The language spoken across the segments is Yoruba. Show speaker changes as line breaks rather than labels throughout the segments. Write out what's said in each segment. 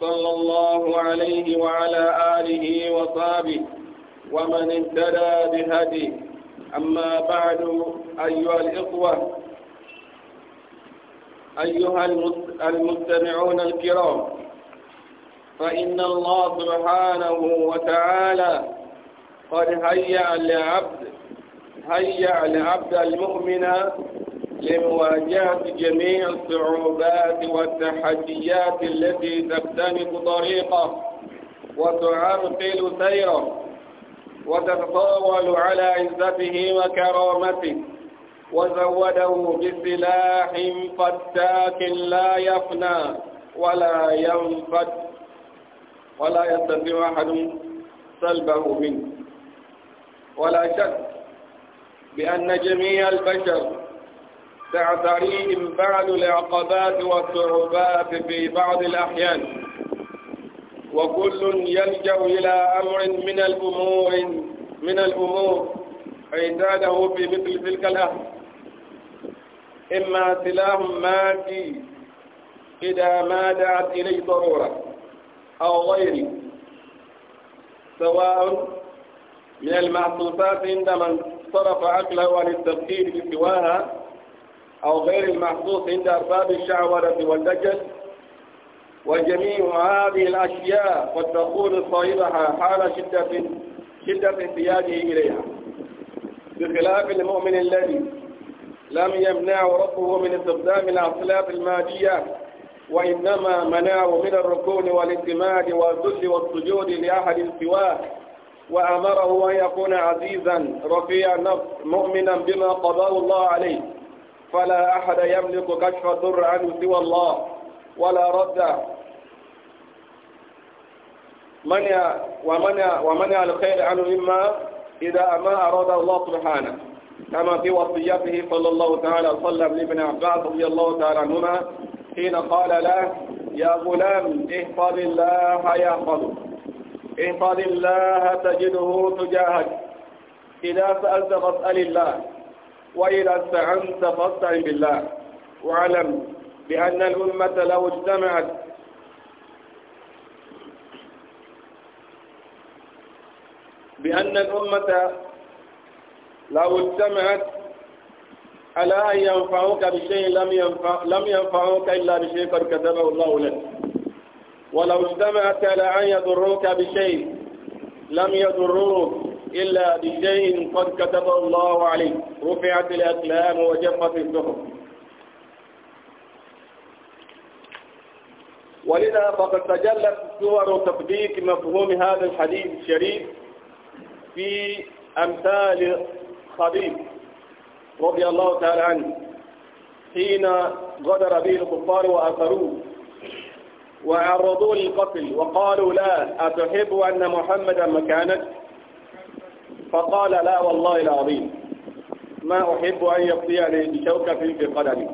صلى الله عليه وعلى آله وصحبه ومن اهتدى بهدي أما بعد أيها الإخوة أيها المستمعون الكرام فإن الله سبحانه وتعالى قد هيأ لعبد هيأ لعبد المؤمن لمواجهة جميع الصعوبات والتحديات التي تختنق طريقه وتعرقل سيره وتتطاول على عزته وكرامته وزوده بسلاح فتاك لا يفنى ولا ينفد ولا يستطيع أحد سلبه منه ولا شك بأن جميع البشر تعتريهم بعض العقبات والصعوبات في بعض الأحيان وكل يلجأ إلى أمر من الأمور من الأمور عنداده في مثل تلك الأهل إما سلاح مادي إذا ما دعت إليه ضرورة أو غيره سواء من المحسوسات عندما صرف عقله عن التفكير سواها أو غير المحسوس عند أرباب الشعورة والدجل وجميع هذه الأشياء قد تقول صاحبها حال شدة شدة احتياجه إليها بخلاف المؤمن الذي لم يمنعه ربه من استخدام الأصلاف المادية وإنما منعه من الركون والاعتماد والذل والسجود لأحد سواه وأمره أن يكون عزيزا رفيع النفس مؤمنا بما قضاه الله عليه فلا أحد يملك كشف الضر عنه سوى الله ولا رد منع ومنع ومنع الخير عنه مما إذا ما أراد الله سبحانه كما في وصيته صلى الله تعالى وسلم لابن عباس رضي الله تعالى عنهما حين قال له يا غلام احفظ الله يحفظك احفظ الله تجده تجاهك إذا سألت فاسأل الله وإذا استعنت فاستعن بالله واعلم بأن الأمة لو اجتمعت بأن الأمة لو اجتمعت على أن ينفعوك بشيء لم ينفع لم ينفعوك إلا بشيء قد كتبه الله لك ولو اجتمعت على أن يضروك بشيء لم يضروك إلا بشيء قد كتب الله عليه رفعت الأقلام وجفت الزهر ولذا فقد تجلت صور تطبيق مفهوم هذا الحديث الشريف في أمثال خبيب رضي الله تعالى عنه حين غدر به الكفار وأثروه وعرضوه للقتل وقالوا لا أتحب أن محمدا مكانك فقال لا والله العظيم ما أحب أن يقضيني بشوكة في قدمي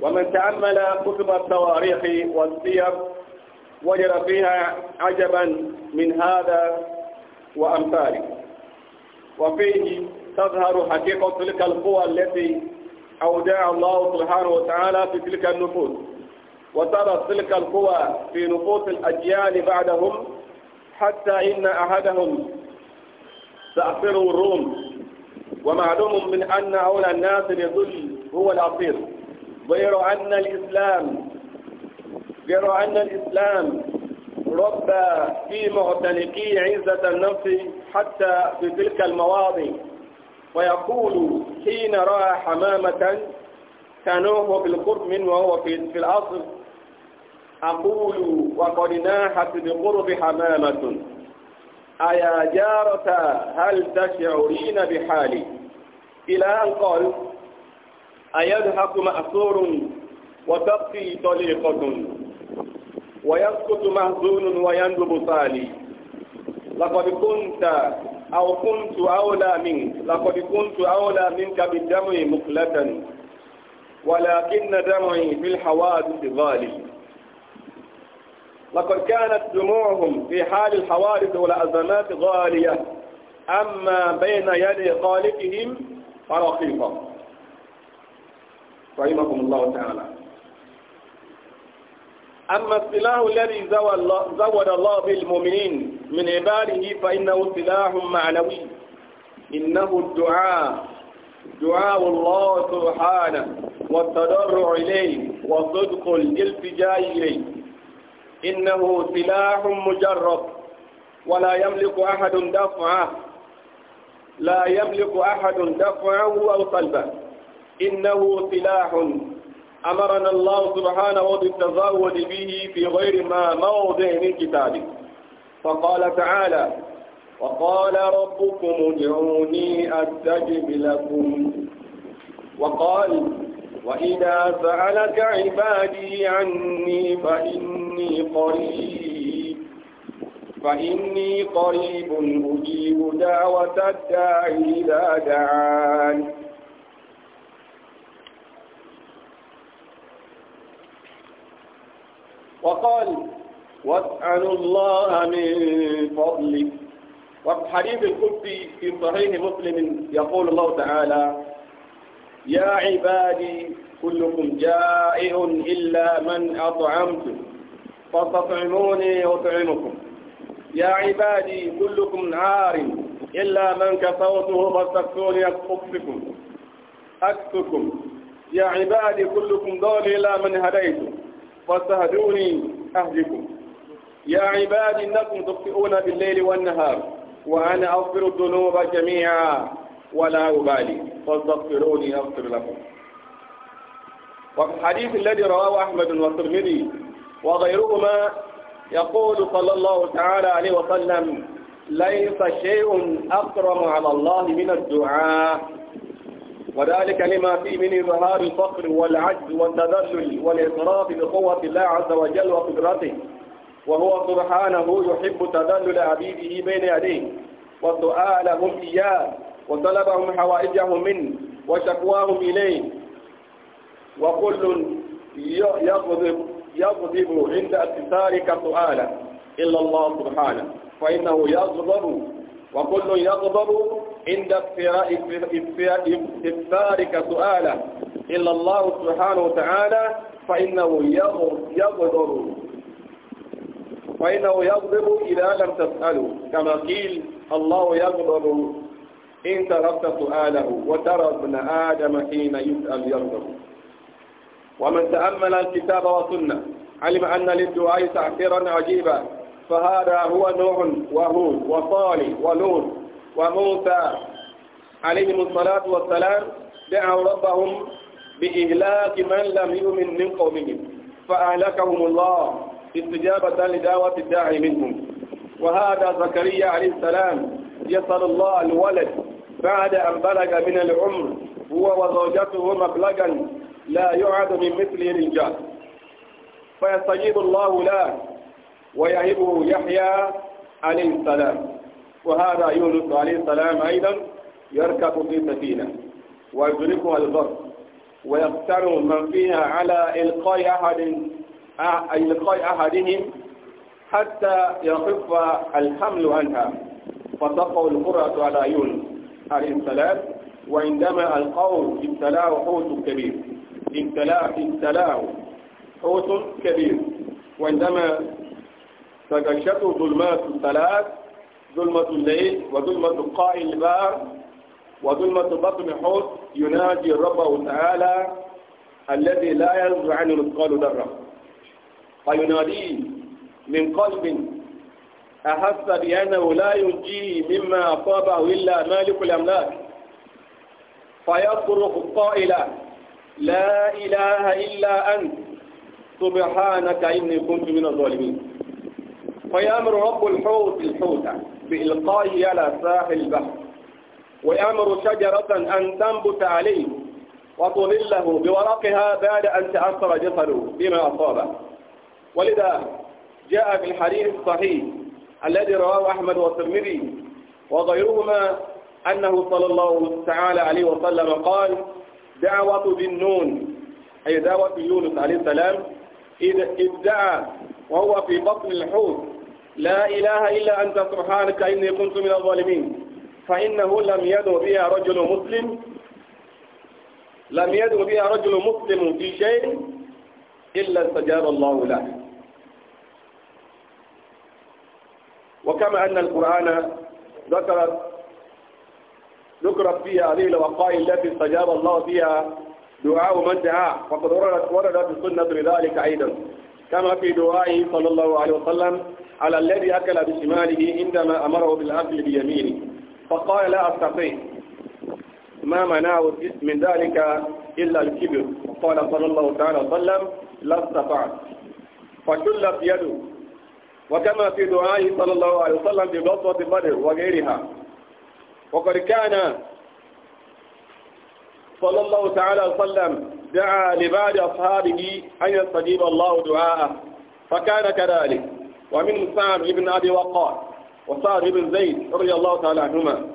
ومن تأمل كتب التواريخ والسير وجد فيها عجبا من هذا وأمثاله وفيه تظهر حقيقة تلك القوى التي أودع الله سبحانه وتعالى في تلك النفوس وترى تلك القوى في نفوس الأجيال بعدهم حتى إن أحدهم تأثره الروم ومعلوم من أن أولى الناس يذل هو الأصيل غير أن الإسلام غير أن الإسلام ربى في معتنقي عزة النفس حتى في تلك المواضع ويقول حين رأى حمامة كانوه بالقرب منه وهو في, في الأصل أقول وقد ناحت بقرب حمامة أيا جارة هل تشعرين بحالي إلى أن قال أيضحك مأسور وتبكي طليقة ويسكت مهزون ويندب صالي لقد كنت أو كنت أولى منك لقد كنت أولى منك بالدمع مقلة ولكن دمعي في الحوادث غالي لقد كانت دموعهم في حال الحوادث والأزمات غالية أما بين يدي خالقهم فرقيقة رحمكم الله تعالى أما السلاح الذي زود الله به المؤمنين من عباده فإنه سلاح معنوي إنه الدعاء دعاء الله سبحانه والتضرع إليه وصدق الالتجاء إليه إنه سلاح مجرب ولا يملك أحد دفعه لا يملك أحد دفعه أو قلبه إنه سلاح أمرنا الله سبحانه بالتزود به في غير ما موضع من كتابه فقال تعالى وقال ربكم ادعوني أستجب لكم وقال وإذا سألك عبادي عني فإني قريب فإني قريب أجيب دعوة الداعي إذا دعان وقال واسألوا الله من فضلك وفي حديث القدسي في صحيح مسلم يقول الله تعالى يا عبادي كلكم جائع إلا من أطعمته فاستطعموني أطعمكم يا عبادي كلكم عار إلا من كسوته فاستكفوني أكفكم أكفكم يا عبادي كلكم ضال إلا من هديتم فاستهدوني أهدكم يا عبادي إنكم تخطئون بالليل والنهار وأنا أغفر الذنوب جميعا ولا أبالي فاستغفروني أغفر لكم وفي الحديث الذي رواه أحمد والترمذي وغيرهما يقول صلى الله تعالى عليه وسلم ليس شيء أكرم على الله من الدعاء وذلك لما فيه من إظهار الفقر والعجز والتذلل والإقراف بقوة الله عز وجل وقدرته وهو سبحانه يحب تذلل عبيده بين يديه وسؤالهم إياه وطلبهم حوائجهم منه وشكواهم إليه وكل يغضب يغضب عند اتسارك سؤالا إلا الله سبحانه فإنه يغضب وكل يغضب عند اتسارك سؤالا إلا الله سبحانه وتعالى فإنه يغضب فإنه يغضب إذا لم تسأله كما قيل الله يغضب إن تركت سؤاله وترى ابن آدم حين يسأل يرضه ومن تأمل الكتاب والسنة علم أن للدعاء تأثيرا عجيبا فهذا هو نوح وهود وصالح ولوط وموسى عليهم الصلاة والسلام دعوا ربهم بإهلاك من لم يؤمن من قومهم فأهلكهم الله استجابة لدعوة الداعي منهم وهذا زكريا عليه السلام يسأل الله الولد بعد أن بلغ من العمر هو وزوجته مبلغا لا يعد من مثله رجال فيستجيب الله له ويهبه يحيى عليه السلام وهذا يونس عليه السلام أيضا يركب في سفينة ويدركها البر ويقترن من فيها على إلقاء أحد إلقاء أحدهم حتى يخف الحمل عنها فتقع القرة على يونس عليه السلام وعندما القوم ابتلاه حوت كبير ابتلاه حوت كبير وعندما تجشته ظلمات الثلاث ظلمة الليل وظلمة القاء البار وظلمة بطن حوت ينادي ربه تعالى الذي لا ينزع عنه مثقال ذرة فيناديه من قلب أحس بأنه لا ينجيه مما أصابه إلا مالك الأملاك فيصرخ قائلا لا إله إلا أنت سبحانك إني كنت من الظالمين فيأمر رب الحوت الحوت بإلقائه على ساحل البحر ويأمر شجرة أن تنبت عليه وتظله بورقها بعد أن تأثر جسده بما أصابه ولذا جاء في الحديث الصحيح الذي رواه أحمد والترمذي وغيرهما أنه صلى الله تعالى عليه وسلم قال دعوة بالنون أي دعوة يونس عليه السلام إذ ادعى وهو في بطن الحوت لا إله إلا أنت سبحانك إني كنت من الظالمين فإنه لم يدعو بها رجل مسلم لم يدعو بها رجل مسلم في شيء إلا استجاب الله له وكما أن القرآن ذكرت ذكرت فيها هذه الوقائع التي استجاب الله فيها دعاء من دعاه فقد وردت وردت السنة لذلك أيضا كما في دعائه صلى الله عليه وسلم على الذي أكل بشماله عندما أمره بالأكل بيمينه فقال لا أستطيع ما منعه من ذلك إلا الكبر قال صلى الله تعالى وسلم لا استطعت فشلت يده وكما في دعائه صلى الله عليه وسلم في غزوة بدر وغيرها وقد كان صلى الله تعالى عليه وسلم دعا لبعض أصحابه أن يستجيب الله دعاءه فكان كذلك ومن سعد بن أبي وقاص وسعد بن زيد رضي الله تعالى عنهما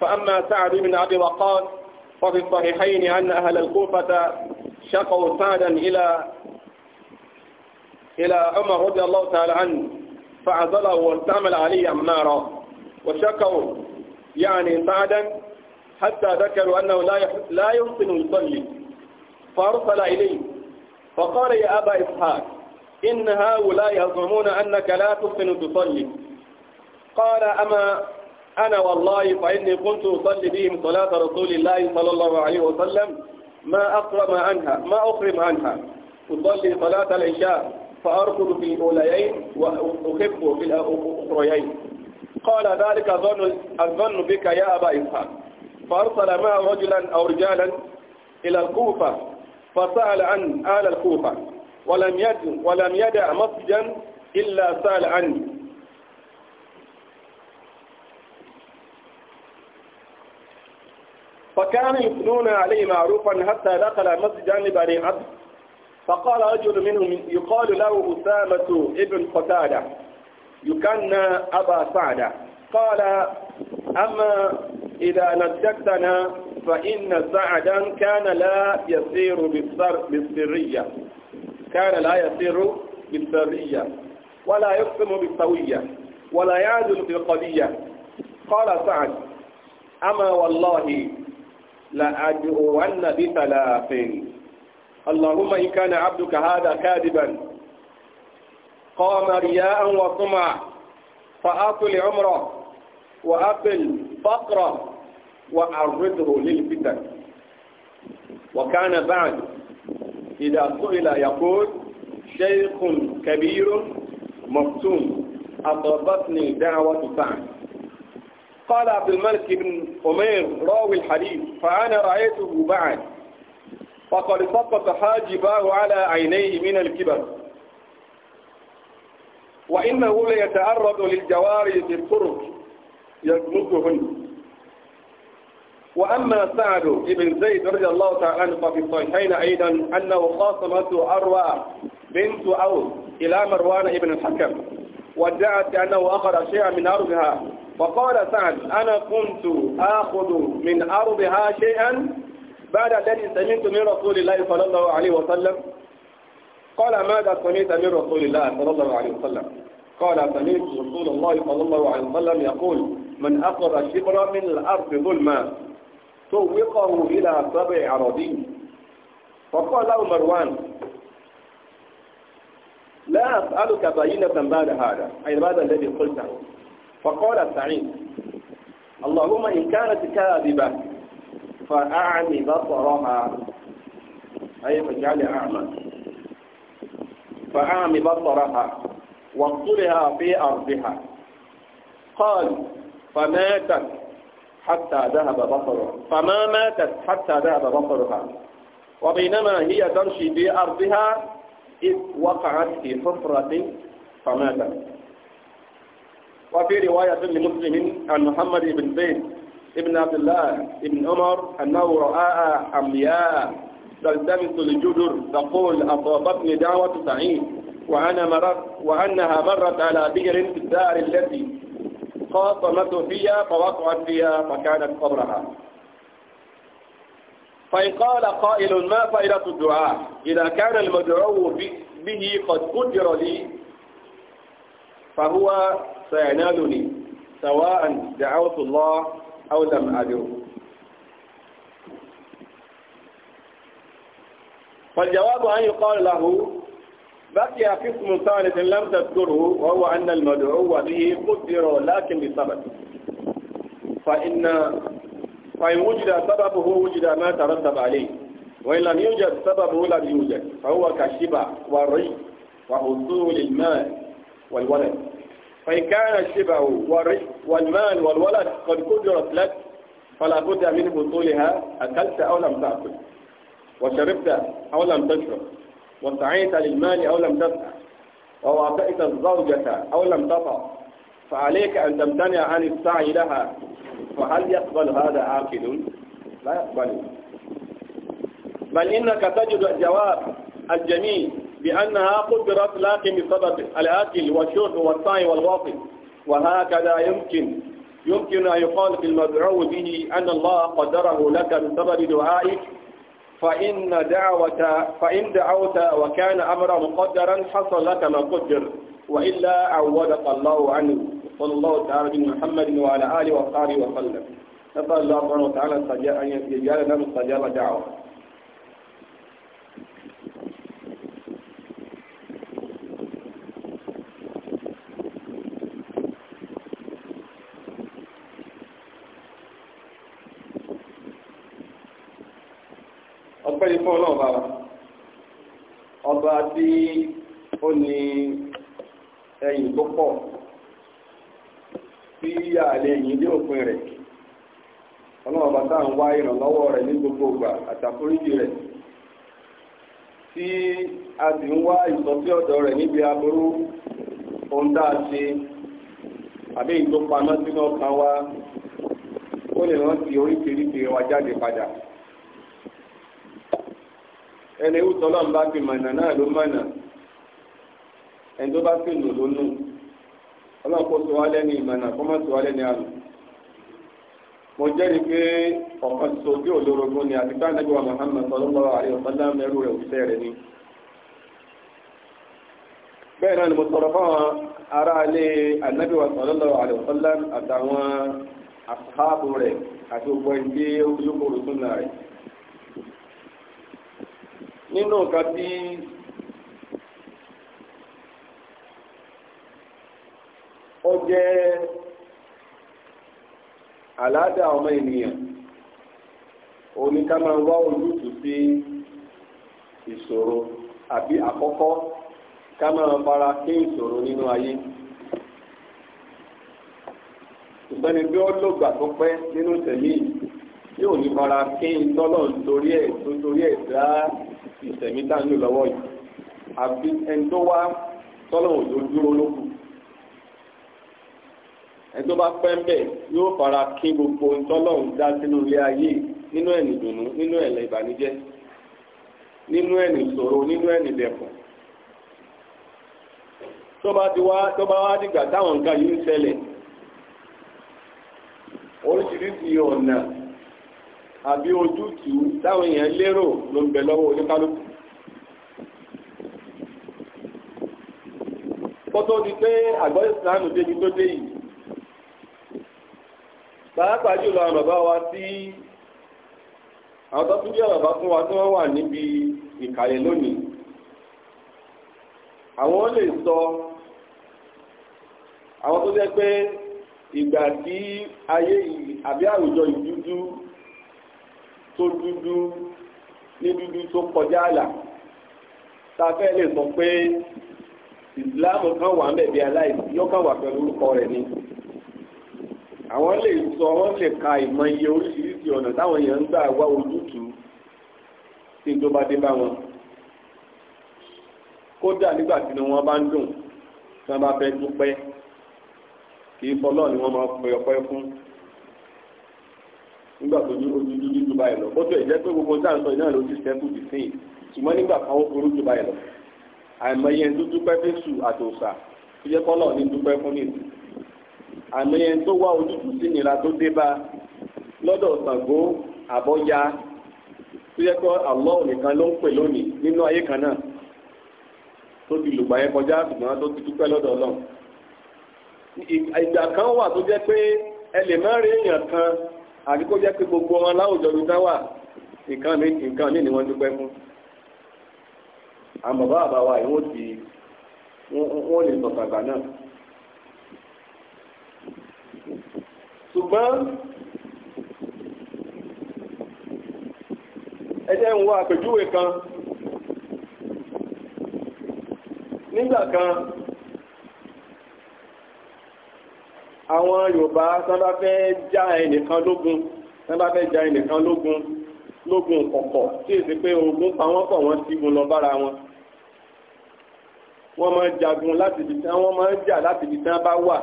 فأما سعد بن أبي وقاص ففي الصحيحين أن أهل الكوفة شقوا سعدا إلى إلى عمر رضي الله تعالى عنه فعزله والتعمل عليه أمنارا وشكوا يعني بعدا حتى ذكروا أنه لا لا يمكن يصلي فأرسل إليه فقال يا أبا إسحاق إن هؤلاء يظنون أنك لا تمكن تصلي قال أما أنا والله فإني كنت أصلي بهم صلاة رسول الله صلى الله عليه وسلم ما أقرم عنها ما أقرم عنها أصلي صلاة العشاء فأركض في الأوليين وأحب في الأخريين قال ذلك الظن الظن بك يا أبا إسحاق فأرسل معه رجلا أو رجالا إلى الكوفة فسأل عن آل الكوفة ولم يد ولم يدع مسجدا إلا سأل عني فكانوا يثنون عليه معروفا حتى دخل مسجد بني عبد فقال رجل منهم يقال له أسامة ابن قتادة يكنى أبا سعدة قال أما إذا نجدتنا فإن سعدا كان لا يسير بالسرية كان لا يسير بالسرية ولا يقسم بالسوية ولا يعدل بالقضية قال سعد أما والله لأدعون بثلاث اللهم إن كان عبدك هذا كاذبا قام رياء وطمع فأطل عمره وأقل فقره وعرضه للفتن وكان بعد إذا سئل يقول شيخ كبير مفتون أطلبتني دعوة سعد قال عبد الملك بن أمير راوي الحديث فأنا رأيته بعد فقد سقط حاجباه على عينيه من الكبر وإنه ليتعرض للجواري في الطرق يجنبهن وأما سعد بن زيد رضي الله تعالى عنه ففي الصحيحين أيضا أنه خاصمته أروى بنت أوس إلى مروان بن الحكم وادعت أنه أخذ شيئا من أرضها فقال سعد أنا كنت آخذ من أرضها شيئا بعد الذي سمعت من رسول الله صلى الله عليه وسلم قال ماذا سمعت من رسول الله صلى الله عليه وسلم قال سمعت رسول الله صلى الله عليه وسلم يقول من أخذ شبرا من الأرض ظلما سوقه إلى سبع أراضين فقال له مروان لا أسألك بينة بعد هذا أي بعد الذي قلته فقال سعيد اللهم إن كانت كاذبة فأعمي بصرها أي فاجعل أعمى فأعمي بصرها واقتلها في أرضها قال فماتت حتى ذهب بصرها فما ماتت حتى ذهب بصرها وبينما هي تمشي في أرضها إذ وقعت في حفرة فماتت وفي رواية لمسلم عن محمد بن زيد ابن عبد الله ابن عمر أنه رأى أمياء تلتمس الجدر تقول أصابتني دعوة سعيد وأنا مرت وأنها مرت على بئر في الدار التي خاصمته فيها فوقعت فيها فكانت قبرها فإن قال قائل ما فائدة الدعاء إذا كان المدعو به قد قدر لي فهو سينالني سواء دعوت الله أو لم أدعو فالجواب أن يقال له بقي في اسم ثالث لم تذكره وهو أن المدعو به قدر لكن بسبب فإن فإن وجد سببه وجد ما ترتب عليه وإن لم يوجد سببه لم يوجد فهو كالشبع والري وحصول الماء والولد فإن كان الشبع والرزق والمال والولد قد كدرت لك فلا بد من بطولها أكلت أو لم تأكل وشربت أو لم تشرب وسعيت للمال أو لم تسعى ووافئت الزوجة أو لم تطع فعليك أن تمتنع عن السعي لها فهل يقبل هذا عاقل؟ لا يقبل بل إنك تجد الجواب الجميل بأنها قدرت لكن بسبب الأكل والشرب والسعي والغافل وهكذا يمكن يمكن أن يقال في المدعو به أن الله قدره لك بسبب دعائك فإن دعوت فإن دعوت وكان أمرا مقدرا حصل لك ما قدر وإلا عوضك الله عنه صلى الله تعالى بن محمد وعلى آله وصحبه وسلم نسأل الله سبحانه وتعالى أن يجعلنا من استجاب دعوة fún wa ọba tí ó ní ẹ̀yìn tó pọ̀ tí ẹ̀yìn dé òpin rẹ̀ táà gbogbo ìgbà àtàkóríjì rẹ̀ tí a sì ń wá ìsọsí ọ̀dọ̀ rẹ̀ níbi aburú ohun tá a ṣe àbí ìtò sínú ọkàn wa ó lè rántí oríṣiríṣi wa jáde padà. ẹni ewu tọ́lọ́ ń bá fi mànà náà ló mànà ẹni tó bá fi nù ló nù ọlọ́run kó sọ wá lẹ́ni ìmànà kó má sọ wá lẹ́ni àlù. mo jẹ́rìí pé ọ̀kan ṣoṣo bí olórogún ni àti káàdé wa Muhammad sallallahu alaihi wasallam mẹ́rù rẹ̀ òṣìṣẹ́ rẹ̀ ni. bẹ́ẹ̀ náà ni mo sọ̀rọ̀ fáwọn aráalé Ànábì wa sallallahu alaihi wasallam àtàwọn àṣàbù rẹ̀ àti gbogbo ẹni nínú nǹkan tí ó jẹ́ àládà ọmọ ènìyàn òní ká máa wá ojútùú sí ìṣòro àbí àkọ́kọ́ ká máa fara kí ìṣòro nínú ayé ìgbẹ́ni bí ó lògbà tó pẹ́ nínú tẹ̀lé yìí tí ò ní fara kí n tọ́lọ̀ torí ẹ̀ tó torí ẹ̀ dá ìsẹ̀mí dánú lọ́wọ́ yìí àfi ẹni tó wá tọ́lọ̀ òjò dúró lókù ẹni tó bá pẹ́ ń bẹ̀ yóò fara kí gbogbo tọ́lọ̀ ń dá sínú ilé ayé nínú ẹ̀nì ìdùnnú nínú ẹ̀lẹ̀ ìbànújẹ́ nínú ẹ̀nì ìṣòro nínú ẹ̀nì ìdẹ̀kùn tó bá ti wá tó bá wá dìgbà táwọn nǹkan yìí ń ṣẹlẹ̀ oríṣiríṣi ọ̀nà àbí ojútùú táwọn èèyàn lérò ló ń bẹ lọ́wọ́ oníkálukú. kótó di pé àgbọ̀ ìsìlámù débi tó dé yìí pàápàá jùlọ àwọn bàbá wa tí àwọn tó tún jẹ́ bàbá fún wa tí wọ́n wà níbi ìkàlẹ̀ lónìí àwọn lè sọ àwọn tó jẹ́ pé ìgbà tí ayé àbí àwùjọ ìdúdú tó dúdú ní dúdú tó kọjá àlà tá a fẹ́ lè sọ pé ìsìláàmù kan wà ń bẹ̀bí aláìsí yóò kàn wà pẹ̀lú orúkọ rẹ̀ ni àwọn lè sọ wọ́n lè ka ìmọ̀ iye oríṣiríṣi ọ̀nà táwọn èèyàn ń gbà wá ojútùú tí tó bá dé bá wọn kódà nígbà tí wọn bá ń dùn tí wọn bá fẹ́ dúpẹ́ kì í fọlọ́ ni wọ́n máa pè ọpẹ́ fún nígbà tó ní ojú dúdú ju báyìí lọ bó tó ẹ̀ jẹ́ pé gbogbo tá à ń sọ iná ló ti sẹ́kù dì sí ṣùgbọ́n nígbà kan ó burú ju báyìí lọ àìmọye ń dúpẹ́ fésù àtòsà tó jẹ́ kọ́lọ̀ ní dúpẹ́ fún nìyí àìmọye tó wá ojútùú sí nira tó dé bá lọ́dọ̀ Ṣàngó àbọ́yá tó jẹ́ pé Allah nìkan ló ń pè lónìí nínú ayé kan náà tó ti lùgbà yẹn kọjá ṣùgbọ́n tó ti dúpẹ́ lọ́dọ̀ Ọlọ́run ìgbà kan wà tó jẹ́ àti kó jẹ́ pé gbogbo wọn láwùjọ mi dá wà nǹkan mi nǹkan mi ni wọ́n dúpẹ́ fún àmọ́ bàbá wa yìí wọ́n ti wọ́n lè sọ̀tà àgbà náà ṣùgbọ́n ẹ jẹ́ ń wá àpèjúwe kan nígbà kan. àwọn Yorùbá tán bá fẹ́ já ẹnìkan lógun tán bá fẹ́ já ẹnìkan lógun lógun kọ̀kọ̀ tí èsì pé ogun pa wọ́n pọ̀ wọ́n sígun lọ bára wọn wọ́n máa ń jagun láti ibi tán wọ́n máa ń jà láti ibi tán bá wà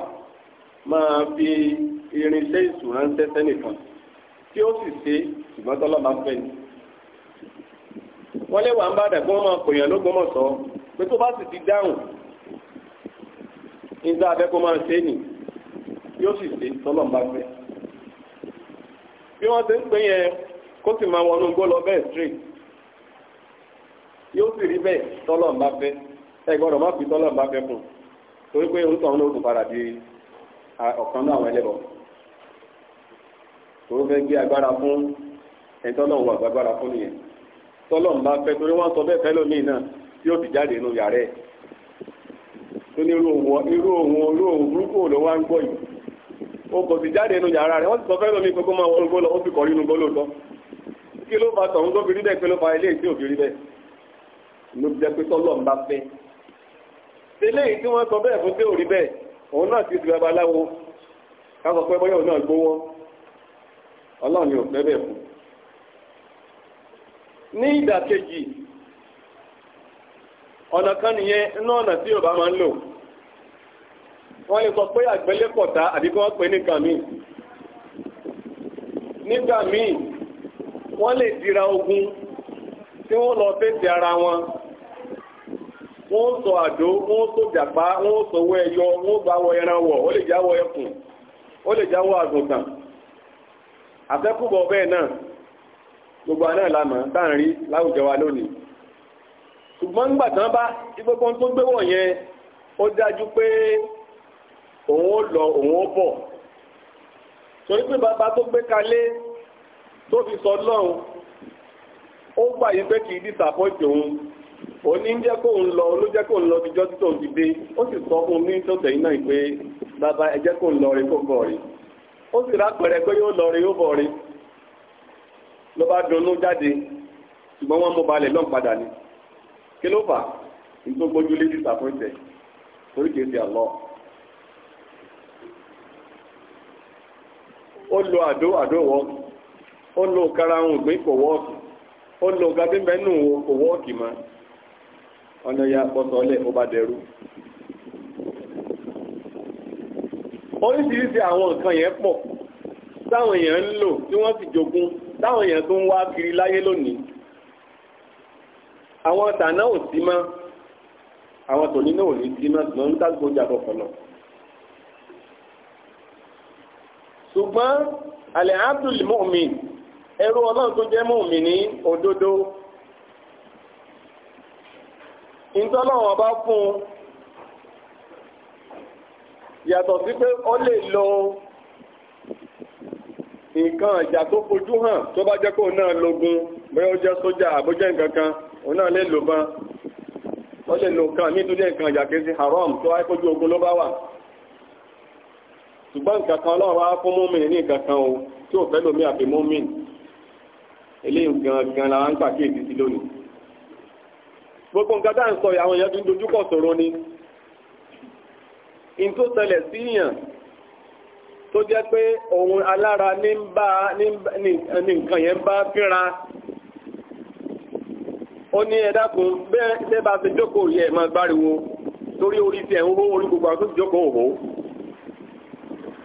máa fi irinṣẹ́ ìṣúránṣẹ́ sẹ́nìkan tí ó sì ṣe ṣùgbọ́n tọ́lọ́ máa fẹ́ ni wọ́n lé wà ń bàdàn kí wọ́n máa pèèyàn lógbómọ̀ṣọ́ pé tó bá sì ti dáhùn nígbà abẹ́kọ́ máa ṣe nìyí yóò sì ṣe tọ́lọ́mbà bí wọ́n ti ń pè yẹn kó sì máa wọnú bẹ́ẹ̀ straight yóò sì rí bẹ́ẹ̀ tọ́lọ́mbà pé ẹ gbọ́dọ̀ má fi tọ́lọ́mbà pé fún torí pé orúkọ àwọn olóògùn padà di ọ̀kan náà àwọn ẹlẹ́bọ̀ tòun fẹ́ gbé agbára fún ẹni tọ́lọ́run wà gbàgbára fún nìyẹn bá fẹ́ torí wọ́n sọ bẹ́ẹ̀ fẹ́ náà tí ó o kò sì jáde nínú yàrá rẹ̀ wọ́n ti sọ fẹ́ lómi pé kó máa wọ́n gbó lọ ó sì kọ́ rí inú gbó lóòótọ́ kí ló fa tọ̀hún tó fi rí bẹ́ẹ̀ pé ló fa ilé ìtí òbí rí bẹ́ẹ̀ ló jẹ́ pé tọ́lọ̀ ń bá fẹ́ tẹ́lẹ̀ èyí tí wọ́n sọ bẹ́ẹ̀ fún tí ò rí bẹ́ẹ̀ òun náà ti ti babaláwo ká sọ pé bóyá òun náà gbówó ọlọ́run ni ò fẹ́ bẹ́ẹ̀ fún ní ìdàkejì ọ̀nà kan nìyẹn inú ọ̀nà tí Yorùbá máa ń lò wọ́n lè sọ pé àgbélépọ̀tá àbí kí wọ́n pè ní nǹkan míì nígbà míì wọ́n lè dira ogun tí wọ́n lọ fèsì ara wọn wọ́n sọ àdó wọ́n sọ jàpá wọ́n sọ owó ẹyọ wọ́n gba wọ ẹran wọ̀ ó lè jáwọ́ ẹkùn ó lè jáwọ́ àgùntàn àfẹ́kùbọ̀ bẹ́ẹ̀ náà gbogbo àná ìlànà tá láwùjọ wa lónìí ṣùgbọ́n nígbà tán bá gbogbo tó gbéwọ̀ yẹn ó dájú pé òun ó lọ òun ó bọ̀ torí pé bàbá tó gbé tó fi sọ lọ́hùn ó gbà yí pé kì í òun jẹ́ kó ń lọ ló jẹ́ sọ fún mi tó tẹ̀yìn náà pé bàbá kó ń lọ rí kó bọ̀ rí ó sì rápẹ̀rẹ̀ pé yóò lọ rí yóò bọ̀ rí ló bá dunnú jáde ṣùgbọ́n ó lo àdó àdó wọ́ọ̀kì ó lo karahun ìgbín kò wọ́ọ̀kì ó lo gàdínbẹ́nù kò wọ́ọ̀kì mọ́ ọ̀nà ya pọ̀sọ̀ọ́lẹ̀ ó bá dẹrú oríṣiríṣi àwọn nǹkan yẹn pọ̀ táwọn èèyàn ń lò tí wọ́n sì jogún táwọn èèyàn tó ń wá kiri láyé lónìí àwọn tàná ò sí mọ́ àwọn tòní náà ò ní sí mọ́ ṣùgbọ́n ń tàgbójà bọ̀kọ̀lọ̀ ṣùgbọ́n alẹ́ abdul mu'min ẹrú ọlọ́run tó jẹ́ mu'min ní òdodo ìtọ́lọ́wọ́n bá fún un yàtọ̀ sí pé ó lè lo nǹkan ìjà tó fojú hàn tó bá jẹ́ kó náà lógun bóyá ó jẹ́ sójà àbójẹ́ nǹkan kan òun náà lè lò bán ó lè lò kan nítorí nǹkan ìjà kejì haram tó wáyé fojú ogun ló bá wà ṣùgbọ́n nǹkan kan ọlọ́run wá fún mọ́mìn ní nǹkan o tí ò fẹ́ lómi àfi mọ́mìn eléyìí gangan la ń pàkíyèsí sí lónìí gbogbo nǹkan tá à ń sọ àwọn èèyàn fi ń dojúkọ̀ sọ̀rọ̀ ni in tó ṣẹlẹ̀ síyàn tó jẹ́ pé òun alára ní nǹkan yẹn bá fínra ó ní ẹ dákun bẹ́ẹ̀ bá fi jókòó yẹ máa gbáriwo torí orí ti ẹ̀ ń hó orí gbogbo àwọn tó ti jókòó òhó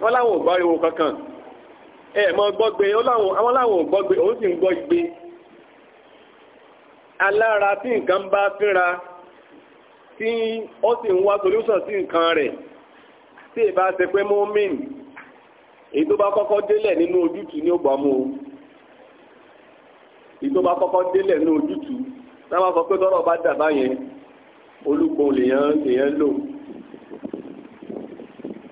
wọ́n láwọn ò gbọ́ ariwo kankan ẹ mọ gbọ́gbe àwọn láwọn ò gbọ́gbe òun sì ń gbọ́ igbe alára tí nǹkan bá fínra tí ó sì ń wá solution sí nǹkan rẹ̀ tí ìbá ṣe pé mọ́mìn èyí tó bá kọ́kọ́ délẹ̀ nínú ojútùú ní ọgbà mú o èyí tó bá kọ́kọ́ délẹ̀ nínú ojútùú táwọn sọ pé tọ́rọ̀ bá dà báyẹn olùkọ́ lèèyàn lò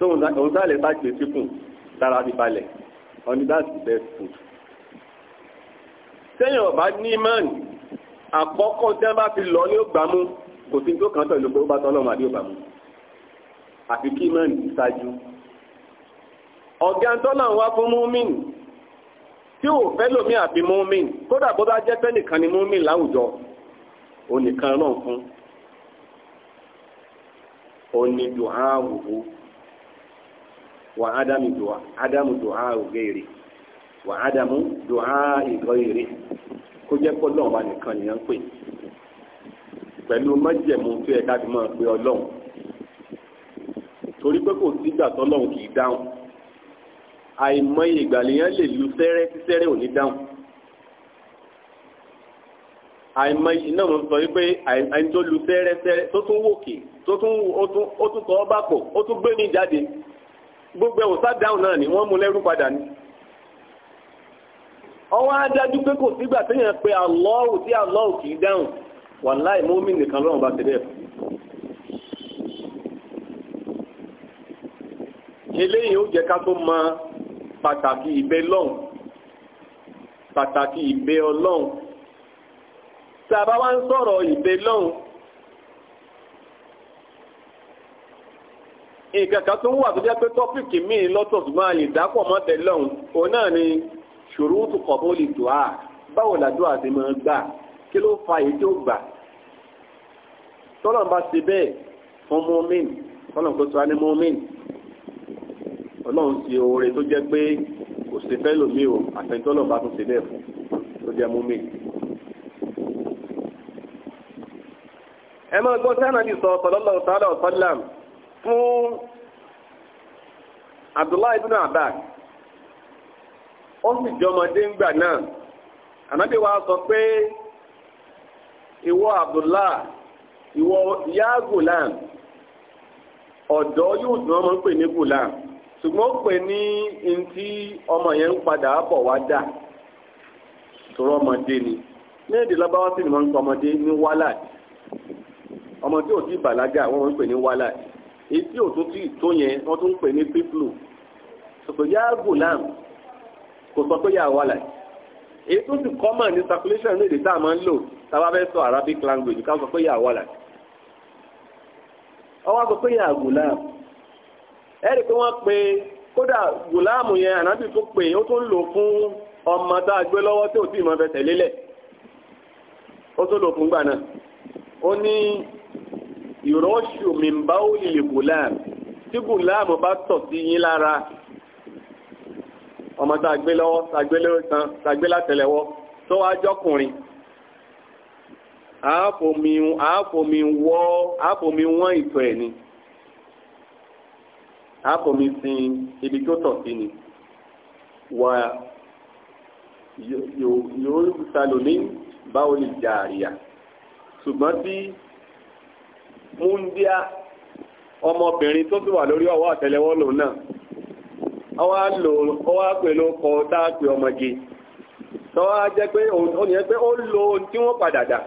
so òun sáré sá gbé síkùn lára bí balẹ̀ ọ̀ní that's the best food. sẹ́yìn ọ̀bá ní man àkọ́kọ́ tí wọ́n bá fi lọ ní ògbàmú kò sí tó kàn tẹ̀lé gbogbo bàtà ọlọ́run àdé ògbàmú àfi kí man ṣáájú. ọ̀gá tọ́lá ń wá fún múmin tí ò fẹ́ lómi àfi múmin kódà bó bá jẹ́ pẹ́ nìkan ni múmin láwùjọ òun náà fún òun dùn áwòwò. wa adamu du'a adamu du'a ghairi wa adamu du'a ghairi kó jẹ́ pé ọlọ́run wa nìkan nìyẹn ń pè pe ọlọ́run torí pé kò sígbà tọ́lọ́run kì í dáhùn àìmọye ìgbàlèyàn lè lu sẹ́rẹ́ tí ò ní dáhùn àìmọye náà mo sọ wípé àìmọye tó lu sẹ́rẹ́ tó tún wòkè tó ọ gbogbo ẹ̀wọ̀n sá dáhùn náà ni wọn mú lẹ́rú padà ni ọwọ́ adájú pé kò sígbà téèyàn pé àlọ́ọ̀hù tí àlọ́ọ̀hù kì í dáhùn láì mọ́mí nìkan lọ́rùn bá ti bẹ́ẹ̀ fún eléyìí ó jẹ́ ká tó mọ pàtàkì ìbẹ́ lọ́hùn pàtàkì ìbẹ́ ọlọ́hùn tí a bá wá ń sọ̀rọ̀ ìbẹ́ lọ́hùn nǹkan kan tó ń wà tó jẹ́ pé tọ́pìkì míì lọ́tọ̀ ṣùgbọ́n a lè dápọ̀ mọ́ tẹ́lẹ̀ ọ̀hún òun náà ni ṣurutu qabuli du'a báwo làdúrà ti máa gbà kí ló fa èyí tó gbà tọ́lọ̀ ń bá ṣe bẹ́ẹ̀ fún mọ́mìn tọ́lọ̀ tó sọ ní mọ́mìn ọlọ́run ti oore tó jẹ́ pé kò sí fẹ́ lòmí o àfẹ́ntọ́lọ̀ bá tún ṣe bẹ́ẹ̀ fún tó jẹ́ mọ́mìn. ẹ máa gbọ́ sí ànábì fún Abdullahi ibn Abbas ó sì jọmọdé ńgbà náà ànábì wa sọ pé ìwọ Abdullahi ìwọ ya gulam ọ̀dọ́ yóò dùn ọmọ pè ní gulam ó pè ní ntí ọmọ yẹn ń padà wá dà tọrọ ọmọdé ni ní èdè lọ́bàá wọ́n sì wọ́n ń ọmọdé ní ò wọ́n èyí tí òtún tí ìtó yẹn wọ́n tún ń pè ní píplù sọ̀tò yá gùlám kò sọ pé yà wà láì èyí tó sì kọ́mọ̀ ní circulation ní èdè tá a máa ń lò tá a bá fẹ́ sọ Arabic language ká sọ pé yà wà láì ọwọ́ sọ pé yà gùlám ẹ̀rí pé wọ́n pe kódà gùlám yẹn ànábì tó pè ó tún lò fún ọmọ tá a gbé lọ́wọ́ tí ò tí ì mọ fẹsẹ̀ lélẹ̀ ó tún lò fún gbà náà ó ní ìrọ́ṣù mìmbá ó lè gùlám tí gùlám bá tọ̀ sí yín lára ọmọ tàgbé lọ́wọ́ tàgbé lọ́tàn tàgbé látẹ̀lẹ́wọ́ tó wá jọ́kùnrin àáfòmí wọ́ àáfòmí wọ́n ìtọ̀ ẹ̀ ni àáfòmí sin ibi tó tọ̀ sí ni wà yóò sálò ní báwo lè jà àríyá ṣùgbọ́n tí múndíá ọmọbìnrin tó sì wà lórí ọwọ́ àtẹ́lẹwọ́ lòun náà ọwá pẹ̀lú ọkọ̀ dáàpẹ̀ ọmọge tọ́wọ́ jẹ́ pé òníyàn pé ó lo ohun tí wọ́n padà dà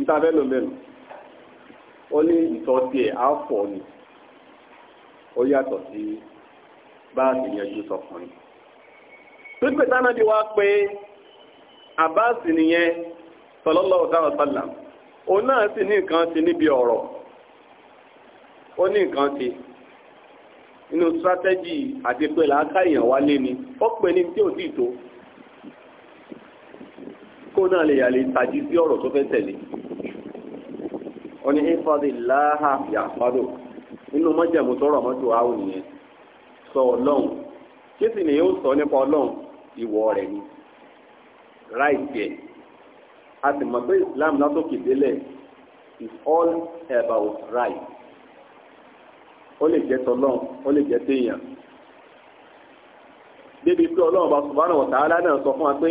nta ó ní ìtọ́sí ẹ̀ àfọ̀ ni ó yàtọ̀ sí báàsì sọkùnrin pípẹ́ wá pé àbáàsì nìyẹn òun náà sì ní nǹkan ti níbi ọ̀rọ̀ ó ní nǹkan ti inú strategy àti pé làákà èèyàn ni ó pè ní tí ò tí tó kó náà lè yàlè tàjí sí ọ̀rọ̀ tó fẹ́ tẹ̀lé ó láhà yàfádò mọ́jẹ̀mú tó rọ̀ mọ́tò sọ ọlọ́run kí sì ni sọ nípa ọlọ́run ìwọ rẹ̀ ni right a sì mọ̀ pé Islam látòkè délẹ̀ is all about right ó lè jẹ́ tọlọ́run ó lè jẹ́ téèyàn débi pé ọlọ́run bá subhanahu wa ta'ala náà sọ fún wa pé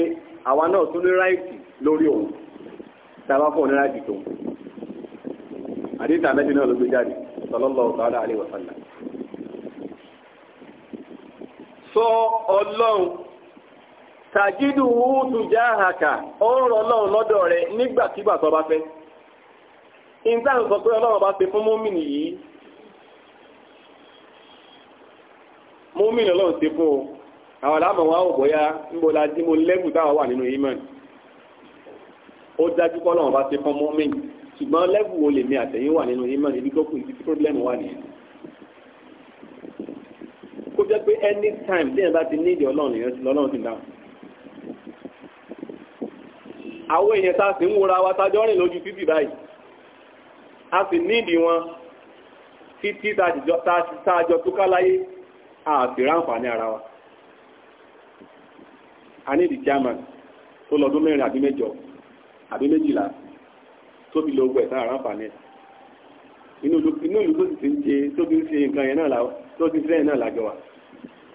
àwa náà tún ní ráìtì lórí òun tàbá fún onírà ìdìtò àdìtà mẹ́bí náà ló gbé jáde sallallahu ta'ala alaihi wa sallam sọ ọlọ́run ka wúùtù já àhàkà ó ọlọ́run lọ́dọ̀ rẹ nígbàkigbà tó bá fẹ́ ìntàn sọ pé ọlọ́run bá fún yìí ọlọ́run fún àwọn wọn ò níbo la dí mo lẹ́bù wà nínú ó dájú kọ́ ọlọ́run bá fún ṣùgbọ́n lẹ́bù wo àtẹ̀yìn wà nínú ibi tó kù ibi tí wà nìyẹn kó jẹ́ pé anytime ti ní ìdí ọlọ́run ìyẹn àwọn èèyàn tá a sì ń wora wa tájọ́ rìn lójú títì báyìí a sì níìdì wọn títí tájọ túká láyé àti ráǹfààní ara wa a níìdì chairman tó lọ́dún mẹ́rin àbí mẹ́jọ àbí méjìlá tó fi lo ogun ẹ̀sán àráǹfààní ẹ̀ inú ìlú tó sì ti ń ṣe tó ti ń ṣe nǹkan yẹn náà lájọ wa.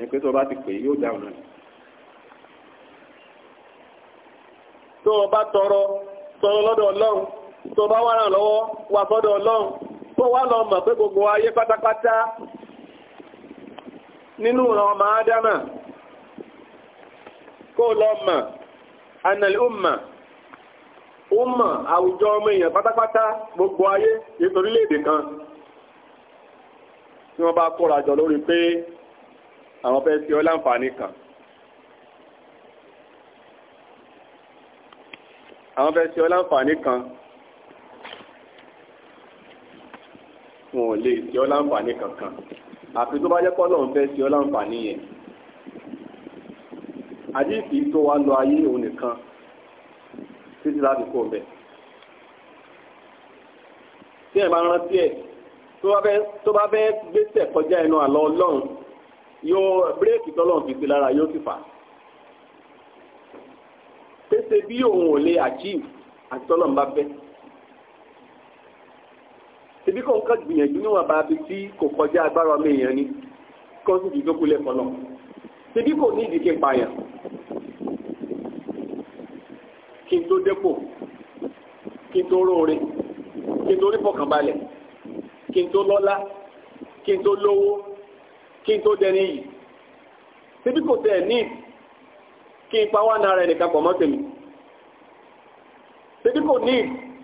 ẹ pé tó bá ti pè yóò dáhùn náà tó o tọrọ tọrọ lọ́dọ̀ ọlọ́run tó o bá ràn lọ́wọ́ wà lọ mọ̀ pé gbogbo ayé pátápátá nínú ọmọ ádámà kó lọ mọ̀ anàlẹ́ ọmọ ọmọ àwùjọ ọmọ gbogbo ayé ètò orílẹ̀ kan tí wọ́n bá kóra jọ àwọn fẹ́ ṣe ọ́ láǹfààní kan àwọn fẹ́ ṣe ọ́ láǹfààní kan wọn ò lè ṣe ọ́ láǹfààní kankan àfi tó bá jẹ́ pé Ọlọ́run fẹ́ ṣe ọ́ láǹfààní yẹn àdìsí tó wá lọ ayé òun nìkan títí láti kó bẹ̀ tí ẹ̀ bá rántí ẹ̀ tó bá fẹ́ gbéṣẹ̀ kọjá ẹnu àlọ́ Ọlọ́run yóò bírèkì tọ́lọ̀ ti sí lára yóò sì fà pèsè bí òun ò lè achieve àti tọ́lọ̀ ń bá fẹ́ tìbí kò ń ká gbìyànjú níwọ̀n bá bi tí kò kọjá agbára ọmọ èèyàn ni kó sì fi dókú lẹ́kọ̀ọ́ lọ tìbí kò ní ìdí pààyàn kí n tó dépò kí n tó róore kí n tó rí fọkànbalẹ̀ kí n tó lọ́lá kí n tó lówó kí n tó dẹni yìí síbí kò tẹ̀ ní kí n pa wá nára ẹnìkan pọ̀ mọ́ tèmi síbí kò ní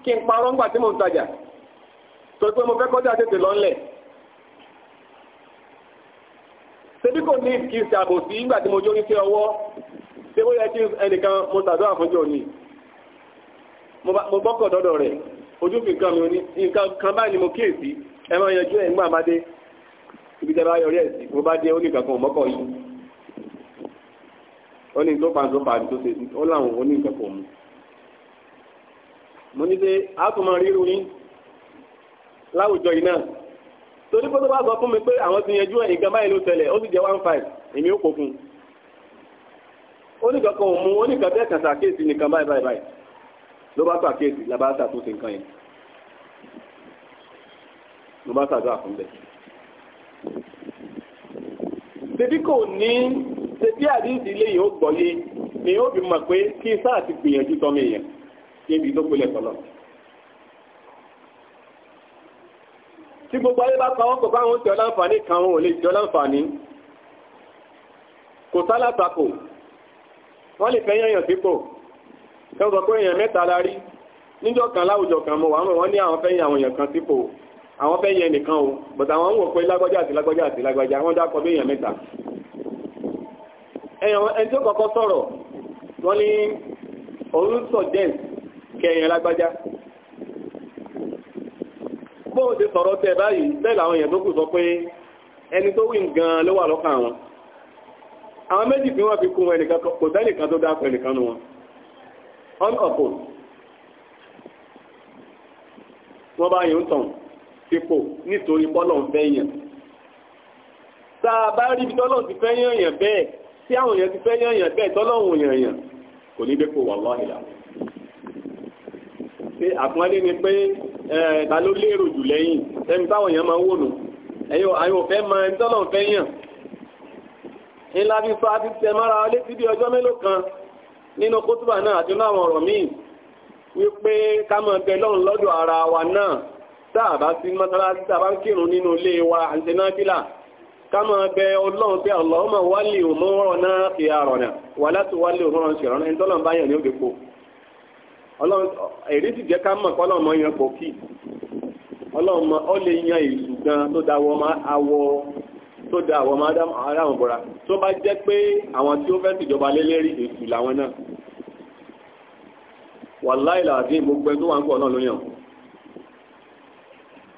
kí n parọ́ ńgbà tí mò ń tajà pé mo fẹ́ kọjá tètè lọ́nlẹ̀ síbí kò ní kí n ṣàbò sí ńgbà tí mo jó sí ọwọ́ ṣé ó yẹ kí ẹnìkan mo ni mo gbọ́kọ̀ dọ́dọ̀ rẹ̀ ojú fi kan mi ní nǹkan kan báyìí ni mo kíyèsí ẹ máa yanjú ẹ̀ ńgbà máa dé ibi tẹ́ bá yọrí ẹ̀ sí mo bá dé ó ní kankan mọ́kọ̀ yìí ó ní tó pa tó pa tó ṣe ó láwọn ó ní kankan mu mo ní pé a tún máa ríru yín láwùjọ yìí náà torí pé tó bá sọ fún mi pé àwọn ti yanjú ẹ̀yìn báyìí ló tẹ̀lẹ̀ ó sì jẹ́ one five èmi ó kó fún un ó ní kankan ò mú ó ní kankan ẹ̀kan ṣàkíyèsí nìkan báyìí báyìí báyìí ló bá ṣàkíyèsí làbá ṣàtúnṣe nǹkan yẹn ló bá ṣàdúrà fún bẹ́ẹ̀ tẹbí kò ní tẹbí àdíjì ilé yìí ó ni ó fi mọ̀ pé kí sáà ti gbìyànjú tọmọ èèyàn níbi tó pélẹ̀ tọ́lọ̀ tí gbogbo ayé bá pa wọn kò bá wọn tí láǹfààní kan wọn ò lè tí láǹfààní kò sálátakò wọ́n lè fẹ́ yẹ̀yàn sípò tẹ́wọ́n sọ pé èèyàn mẹ́ta la rí níjọ́ kan láwùjọ kan mọ̀ wọ́n ní àwọn fẹ́ yẹ̀ àwọn èèyàn kan sípò àwọn fẹ́ yẹn nìkan o bọ̀tà àwọn ń wò pé lágbájá àti lágbájá àti lágbájá wọ́n dákọ̀ bí èèyàn mẹ́ta ẹni tó kọ́kọ́ sọ̀rọ̀ wọ́n ní òun sọ̀dẹ́ǹs kẹyìn lágbájá bóun ti sọ̀rọ̀ tẹ báyìí bẹ́ẹ̀ làwọn èèyàn tó kù sọ pé ẹni tó wí gan-an ló wà lọ́kàn àwọn àwọn méjì tí wọ́n fi kún ẹnìkan kò sẹ́nìkan tó dákọ̀ ẹnìkan nu wọn on opposed wọ́n bá yìí ń tàn sípò nítorí bọ́lọ̀ ń fẹ́ tá a bá rí ibi tọ́lọ̀ ti fẹ́ yàn yàn bẹ́ẹ̀ tí àwọn èèyàn ti fẹ́ yàn yàn bẹ́ẹ̀ tọ́lọ̀ ń yàn yàn kò ní dépò wà lọ́hìn là ṣe àpọ́nlé ni pé ta ló lérò jù lẹ́yìn ẹni táwọn èèyàn máa ń wò nù ẹ̀yin ò fẹ́ mọ ẹni tọ́lọ̀ ń fẹ́ yàn ńlá bí fa ti tẹ mára létí bí ọjọ́ mélòó kan nínú kótóbà náà àti náà àwọn ọ̀rọ̀ míì wípé ká mọ̀ bẹ lọ́run lọ́dọ̀ ara wa náà tààbá sí mọ́sálásí tààbá ń kírun nínú ilé wa àǹtẹ̀náfílà kama bẹ ọlọ́run pé Allahumma wálé òmùrọ̀ náà fi àrọ̀ náà wà láti wálé òmùrọ̀ sí ọ̀rọ̀ ẹni tọ́lọ̀ bá yàn ní òde po èrí sì jẹ́ ká mọ̀ kọ́lọ̀ mọ́ yan pòkì ọlọ́run ọ lè yan èlù gan tó da awọ tó da wàláìlà àti ìgbógbẹ́ tó wà ń pọ̀ náà lóyàn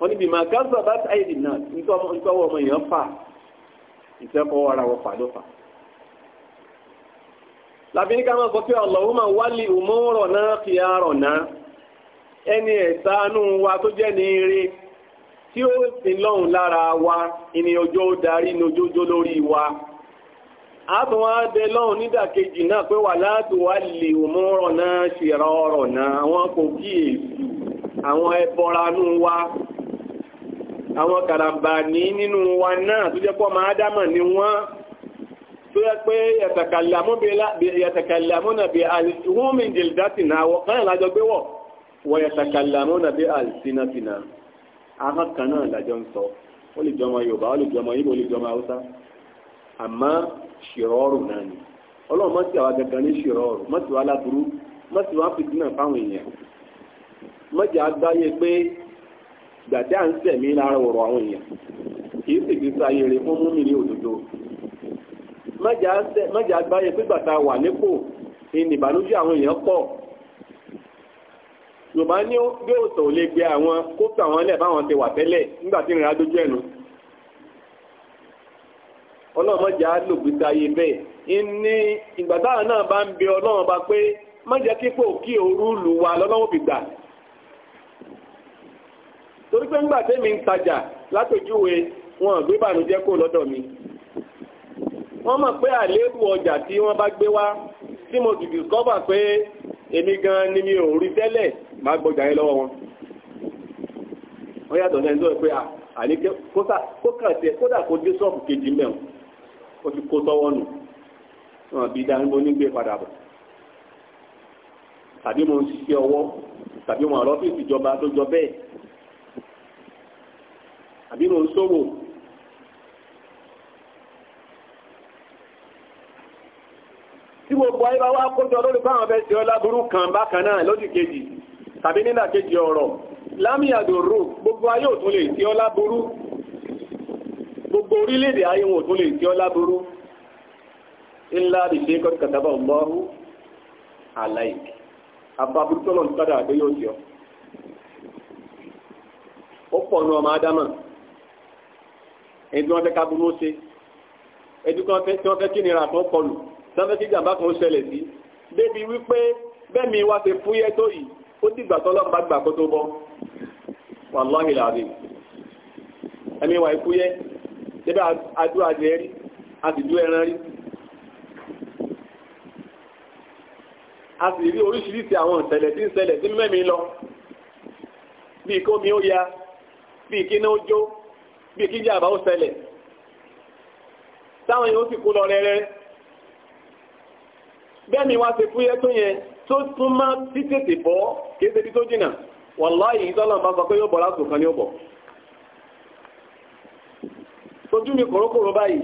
wọ́n níbi máa gáàsà bá ti àyè náà nítorí ọmọ èèyàn fà ìtẹ́kọ̀ọ́ ara wọn fà ló fà. lábí ní ká máa sọ pé Allahumma wálì òmòrò náà kì á rọ̀ náà ẹni ẹ̀sánú wa tó jẹ́ ní eré tí ó sì lọ́hùn lára wa ìní ọjọ́ darí ní ojójó lórí wa. àtún wá dé lọ́hùn nídàkejì náà pé wà láti wálì òmòrò náà ṣèrọ̀ ọ̀rọ̀ náà àwọn kò kíyèsí àwọn ẹbọranú wa àwọn kàràmbání nínú wa náà tó jẹ́ pọ́ máa dámọ̀ ni wọ́n tó yẹ pé yàtàkàlàmúnà bí alìsìnwómi jìlìdátìnà wọ́n kan lájọ gbé wọ̀ wọ́n yàtàkàlàmúnà bí alìsìnàtìnà ahọ́n kan náà lájọ ń sọ ó lè jọmọ Yorùbá ó lè jọmọ Ìgbò ó lè jọmọ Haúsá àmọ́ ṣìrọ́ọ̀rù náà ni ọlọ́run mọ́sí àwọn gbàdá ń sẹ̀mí lára ọ̀rọ̀ àwọn èèyàn í sì fi sáyé rẹ̀ mú mi ní òdodo mẹ́jà gbáyé pígbà tá wà nípò ní ìbànújẹ́ àwọn èèyàn pọ̀ yorùbá ní bí òtò lè gbé àwọn àwọn báwọn ti wà tẹ́lẹ̀ nígbà tí ìrìn ẹ̀nu ọlọ́run ayé bẹ́ẹ̀ ní náà bá ń bẹ ọlọ́run bá pé kíkó kí torí pé ńgbà tẹ́mi ń tajà látòjúwe wọn gbé bànújẹ́ kó lọ́dọ̀ mi wọ́n mọ̀ pé àléébù ọjà tí wọ́n bá gbé wá tí mo sì discover pé èmi gan ni mi ò rí tẹ́lẹ̀ máa gbọ́jà yẹn lọ́wọ́ wọn wọ́n yàtọ̀ sẹ́ni tó pé àní kódà kó dé ṣọ́ọ̀bù kejì mẹ́wọ̀n ó ti kó tọ́wọ́ nù wọn bí dáńgbó nígbé padà bọ̀ tàbí mo ń ṣiṣẹ́ ọwọ́ tàbí mo àrọ́fíìsì ìjọba tó jọ bẹ́ẹ̀ àbí mò ń ṣòwò. tí gbogbo ayé bá wá kójọ lórí báwọn fẹ́ ṣe ọlá burú kan bákan náà lódì kejì tàbí nígbà kejì ọ̀rọ̀ lámìyàdò rò gbogbo ayé ò tún lè ṣe ọlá burú gbogbo orílẹ̀-èdè ayé wọn ò tún lè ṣe ọlá burú ńlá àdìṣe kọ́ kàtàbà ọ̀gbọ́rú àlàyé àbábútọ́lọ̀ ń kádà àgbéyọ̀jọ́ ó pọ̀ nù ọmọ ádámà ẹbí wọn fẹ́ ká burú ṣe ẹbí tí wọn fẹ́ kí nira kan kọlù tí wọn fẹ́ kí jàmbá kan ṣẹlẹ̀ sí débi wípé bẹ́ẹ̀ mi wá ṣe fúyẹ́ tó yìí ó dìgbà tó lọ́nà bá gbà kó tó bọ́ wàláhì làbí ẹ̀mí wà ìfúyẹ́ débi àdúrà jẹ rí a sì ẹran rí a sì rí oríṣiríṣi àwọn ìṣẹ̀lẹ̀ tí ń ṣẹlẹ̀ sí mẹ́mi lọ bí kómi ó ya bí kíná ó jó bí kí jàmbá ó ṣẹlẹ̀ táwọn yóò sì kú lọ rẹ́rẹ́ bẹ́ẹ̀ni wá ṣe fúyẹ́ tó yẹn tó tún má tí tètè bọ́ kí ṣe bí tó jìnà wàláhì ìtọ́lọ̀ bá sọ pé yóò bọ̀ lásò kan ní ó bọ̀ tójú mi kòrókòrò báyìí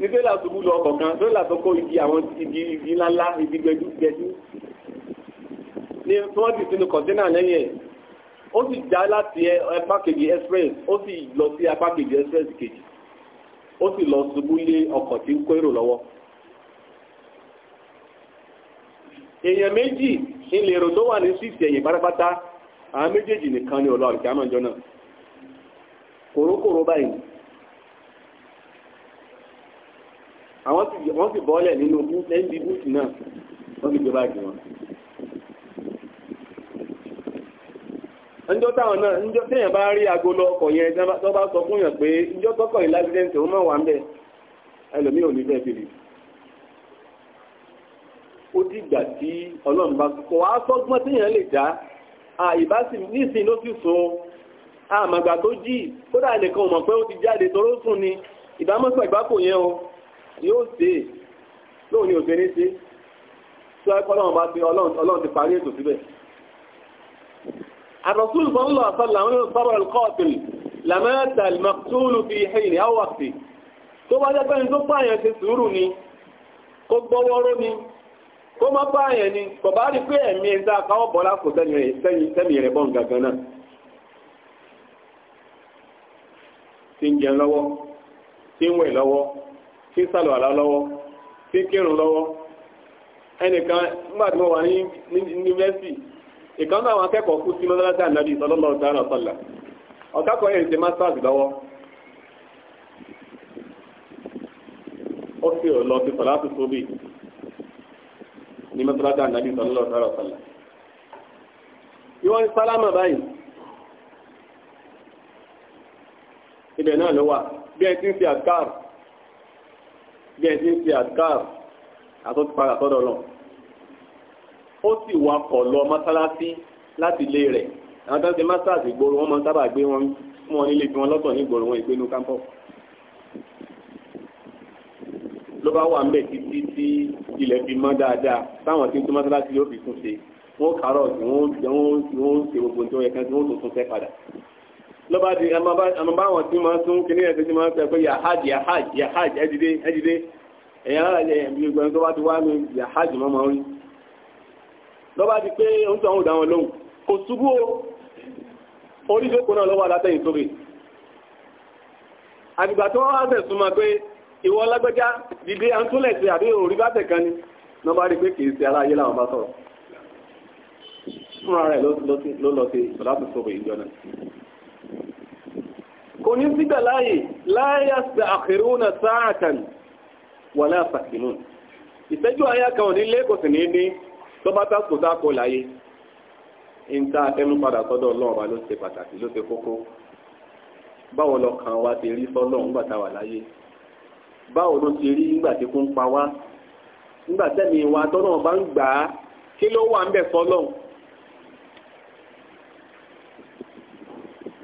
ní tẹ́lá ṣubú lọ ọkọ̀ kan tẹ́lá tó kó igi àwọn igi igi ńláńlá gbẹdú gbẹdú ní tí wọ́n ti sinú kọ̀ńténà lẹ́yìn ẹ̀ ó sì já láti espres kejì express ó sì lọ sí apá kejì express kejì ó sì lọ ṣubú lé ọkọ̀ tí ń kó èrò lọ́wọ́ èèyàn méjì ilé èrò tó wà ní síìtì ẹ̀yìn pátápátá àwọn méjèèjì nìkan ni ọ̀lọ́ àrùkí àmọ́jọ náà kòrókòró báyìí àwọn sì bọ́ọ̀lẹ̀ nínú ndc náà wọ́n ǹjọ́ táwọn náà ǹjọ́ téèyàn bá rí agolo ọkọ̀ yẹn tó bá sọ fún yàn pé ǹjọ́ tọkọ̀ yìí lásìdẹ́ǹtì òun náà wà ń bẹ̀ ẹlòmíì ò ní fẹ́ fi lè. ó dìgbà tí ọlọ́run bá kọ wá sọ́gbọ́n téèyàn lè dá àìbá sì nísìn ló sì sùn àmàgbà tó jì kódà nìkan mọ̀ pé ó ti jáde toró sùn ni ìdámọ́sọ̀ ìgbákò o yóò ṣe lóòní òṣèré ṣe tó ẹ̀kọ́ ọlọ́run bá fi ọlọ́run ti parí ètò الرسول صلى الله عليه وسلم لو صبر القاتل لمات المقتول في حين أو وقته tó bá jẹ́ pé ní tó pààyàn ṣe sùúrù ni kó gbọ́wọ́rọ́ ni kó má pààyàn ni kò bá rí pé ẹ̀mí ẹ̀dá àkáwọ̀ bọ́lá kò tẹ́mi rẹ̀ bọ́n gangan náà tí ń jẹun lọ́wọ́ tí ń wẹ̀ lọ́wọ́ tí ń sàlọ̀ àlá lọ́wọ́ tí ń kírun lọ́wọ́ ẹnìkan nígbà tí wọ́n wà ní yunifásitì ìkan náà àwọn akẹ́kọ̀ọ́ kú sí mọ́sálásí ànábì sallallahu ta'ala sọ́là ọ̀gá kan yẹn ṣe masters lọ́wọ́ ó sì lọ sí sọ̀lá tó tóbi ní mọ́sálásí ànábì sallallahu ta'ala sọ́là bí wọ́n ń sálámà báyìí ibẹ̀ náà ló wà bí ẹ ti ń ṣe àkàr bí ẹ ti ń ṣe àkàr àtọ́tí ó sì wakọ̀ lọ mọ́sálásí láti ilé rẹ̀ àwọn tó ń ṣe masters ìgboro wọn máa ń sábà gbé wọn fún wọn nílé tí wọn lọ́tọ̀ ní ìgboro wọn ìgbénu campus ló bá wà mbẹ títí tí ilẹ̀ fi mọ́ dáadáa táwọn tí ń tún mọ́sálásí yóò fi tún ṣe wọn kàrọ̀ tí wọ́n ń ṣe gbogbo tí wọ́n yẹ kán tí wọ́n tó tún fẹ́ padà ló bá di àmọ́ báwọn tí máa tún kíní ẹ̀ tí máa ń sọ pé yahaj yahaj yahaj ẹ̀dìdé ẹ̀dìdé ẹ̀yà ẹ̀yà gbogbo ẹni tó bá ti wá ní yahaj mọ́ máa ń rí lọ́ba di pé oúnjẹ àwọn òdàwọn lóhùn kò ṣubú o orí ìjókòó náà lọ́wọ́ alátẹ̀yìn sókè àgbìgbà tí wọ́n wá tẹ̀sùn ma pé ìwọ lágbẹ́já dìde àtúnlẹ̀ sí àbí orí bá tẹ̀ kan ni lọ́ba rí pé kìí ṣe aláyé làwọn bá sọ̀rọ̀ fúnra rẹ̀ ló lọ sí ìsọ̀láàtì sókè ìjọ náà kò ní sígbà láàyè láyà sí àkèrúnà sáàtàn wà láà sàkínú ìṣẹ́jú àyà kan ò ní lé kò sì ní ní tó bá tásìkò tá a kó láyé ń tá ẹnu padà sọ́dọ̀ ọlọ́run wa ló ṣe pàtàkì ló ṣe kókó báwo lọkàn wa ti rí sọ́lọ́run nígbà tá a wà láyé báwo ló ti rí nígbà tí kò ń pa wá nígbà tẹ́mi wa tọ́nà bá ń gbà á kí ló wà ń bẹ̀ sọ́lọ́run.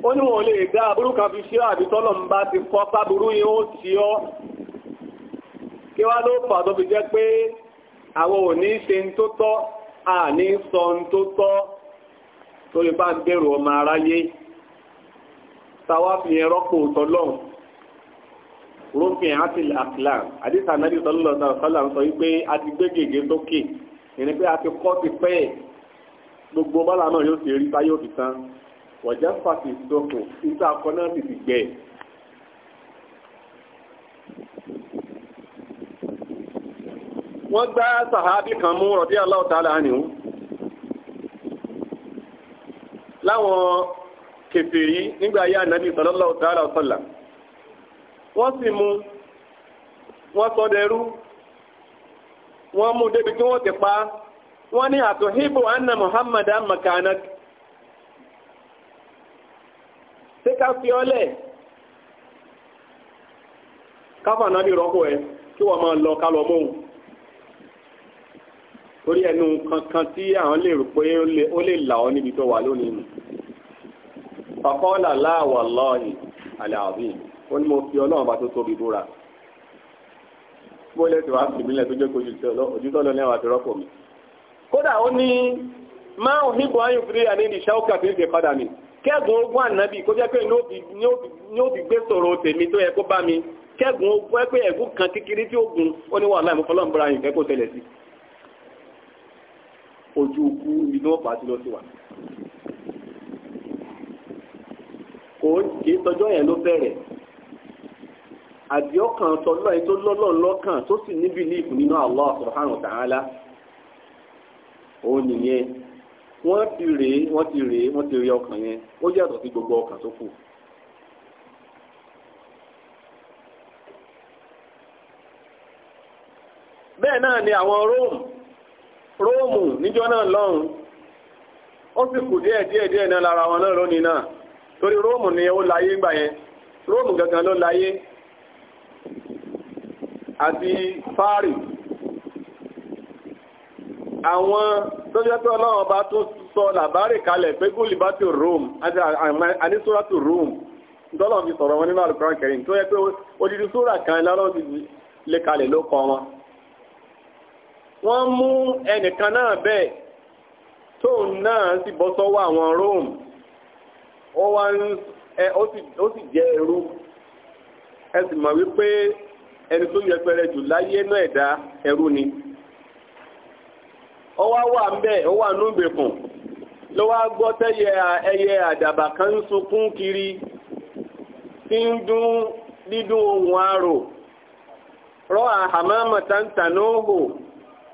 ó ní wọn lè dá aburú kan fi ṣe àbí tọ́lọ̀ ń bá ti kọ́ sáburú yìí ó ti ọ́ kí wá ló fà tó fi jẹ́ pé àwọn ò ní ṣe ń tó tọ́ à ní sọ ń tó tọ́ torí bá ń bẹ̀rù ọmọ aráyé tàwa fi yẹn rọ́pò tọ́lọ́n rúfin àti àkìlán àdìsá nàbí sọlọ́lọ́ sọlá ń sọ wípé a ti gbé gègé sókè ìní pé a ti kọ́ ti pẹ́ gbogbo bọ́lá náà yóò ti rí táyé òfìsán wọ̀jẹ́ fàtì wọ́n gbá sàhábì kan mú rọ̀bí aláwọ̀tàlá nìú láwọn kèfèrí nígbà ayé ànábì sọlọ́lọ́wọ̀tàlá ọ̀sọ́là wọ́n sì mú wọ́n sọ dẹrú wọ́n mú débi tí wọ́n ti pa wọ́n ní anna muhammad ká lọ torí ẹnu kankan tí àwọn lè rò pé ó lè là ọ níbi tó wà lónìí nù fàkọ́ọ̀là láàwọ̀ lọ́ọ̀hìn àlàáfíì ó ní mo fi ọlọ́run bá tó tóbi búra bó lẹ́sìn wá sí ìbílẹ̀ tó jẹ́ kó ojútọ́ lọ lẹ́wọ̀n àti rọ́pò mi kódà ó ní máa ń hìbọn ayò fúri àní ní ṣáúkà tó ń ṣe padà mi kẹ́gùn ogún ànábì kó jẹ́ pé ní ó fi gbé sọ̀rọ̀ tèmi tó yẹ kó bá mi kẹ́gùn ogún ẹgbẹ́ ẹ̀gún kan kékeré tí ó gun ó ní wàhálà ìmúfọ́lọ́mùbúra yìí fẹ́ kó ṣẹlẹ̀ sí i ojú ikú ibi tí lọ sí wa. kìí tọjọ́ yẹn ló bẹ̀rẹ̀ àdìọ́kàn tọ́lọ́ yìí tó lọ́lọ́ tó sì ní bìlíìfù nínú Allah subhanahu wa òun nìyẹn wọ́n ti rèé wọ́n rèé wọ́n ti rí ọkàn yẹn ó yàtọ̀ sí gbogbo ọkàn tó kù. bẹ́ẹ̀ náà ni romu níjọ́ náà lọ́hùn ó sì kù díẹ̀ díẹ̀ díẹ̀ náà lára wọn náà lónìí náà torí ni ó láyé gbà yẹn róòmù gangan ló láyé àti fárì àwọn tó ọlọ́run sọ làbárè kalẹ̀ pé gúlì bá wọn nínú kẹrin tó yẹ pé odidi súra kan lọ́rọ̀ ti lè kalẹ̀ kọ wọ́n mú ẹnìkan náà bẹ́ẹ̀ tó náà sì bọ́ sọ́wọ́ àwọn Rome ó wá ń ẹ ó sì jẹ́ ẹrú ẹ sì mọ̀ wípé ẹni tó pẹrẹ jù láyé náà ẹ̀dá ẹrú ni ó wá wà ń bẹ́ẹ̀ ó wà nú ló wá gbọ́ tẹ́yẹ ẹyẹ àdàbà kan ń sunkún kiri tí ń dún dídún ohun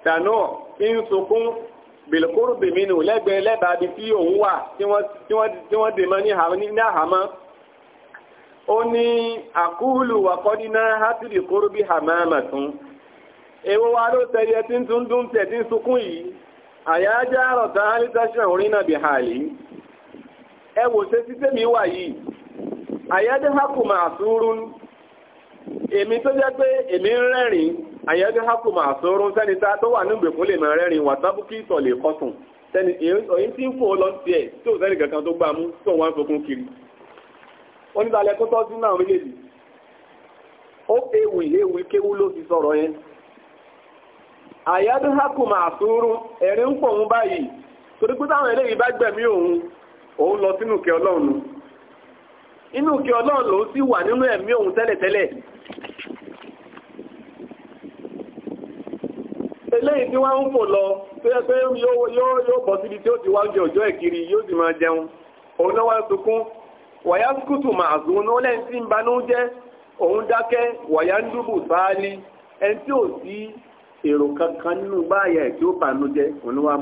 tànú ìsùnkún bìlìkúrú bìmínú lẹ́gbẹ̀ẹ́ lẹ́bàá bí tí òun wà tí wọ́n dè mọ́ ní àhámọ́ ó ní àkúhùlù wàkọ́dínà hátìrì kúrú bí hàmáàmà tún ewu wa ló tẹ̀lé ẹtí tún dún sunkún yìí àyájá alítàṣà orin náà ẹ wò ṣe wà yìí àyájá hákùmà èmi tó jẹ́ pé àyẹ́dẹ́ hákùmọ̀ àsọ̀rọ̀ sẹ́ni tá tó wà nígbèkún lè ma rẹ́rìn wà tábùkì ìsọ̀lẹ̀ kọ́sùn sẹ́ni èyí tí ń fò lọ sí ẹ̀ tí ò sẹ́ni kankan tó gbà mú tó wọ́n fokún kiri ó tó tọ́ sí náà méjèèjì ó ewì ewì kéwú ló fi sọ̀rọ̀ yẹn àyẹ́dẹ́ hákùmọ̀ àsọ̀rọ̀ ẹ̀rín ń pọ̀ lọ sínú kẹ ọlọ́run inú kẹ ọlọ́run sì wà nínú ẹ̀mí òun tẹ́lẹ̀tẹ́lẹ̀ eléyìí tí wọ́n ń fò lọ tó yẹ pé yóò bọ̀ síbi tí ó ti wá oúnjẹ òjò ẹ̀kiri yóò sì máa jẹun òun náà wá sunkún wàyà kùtù màá zùn ní ọlẹ́yìn tí ń banú jẹ́ òun dákẹ́ wàyà ń dúbù sáálí ẹni tí ò sí èrò kankan nínú báyà ẹ̀ tí ó banú jẹ́ òun ló wá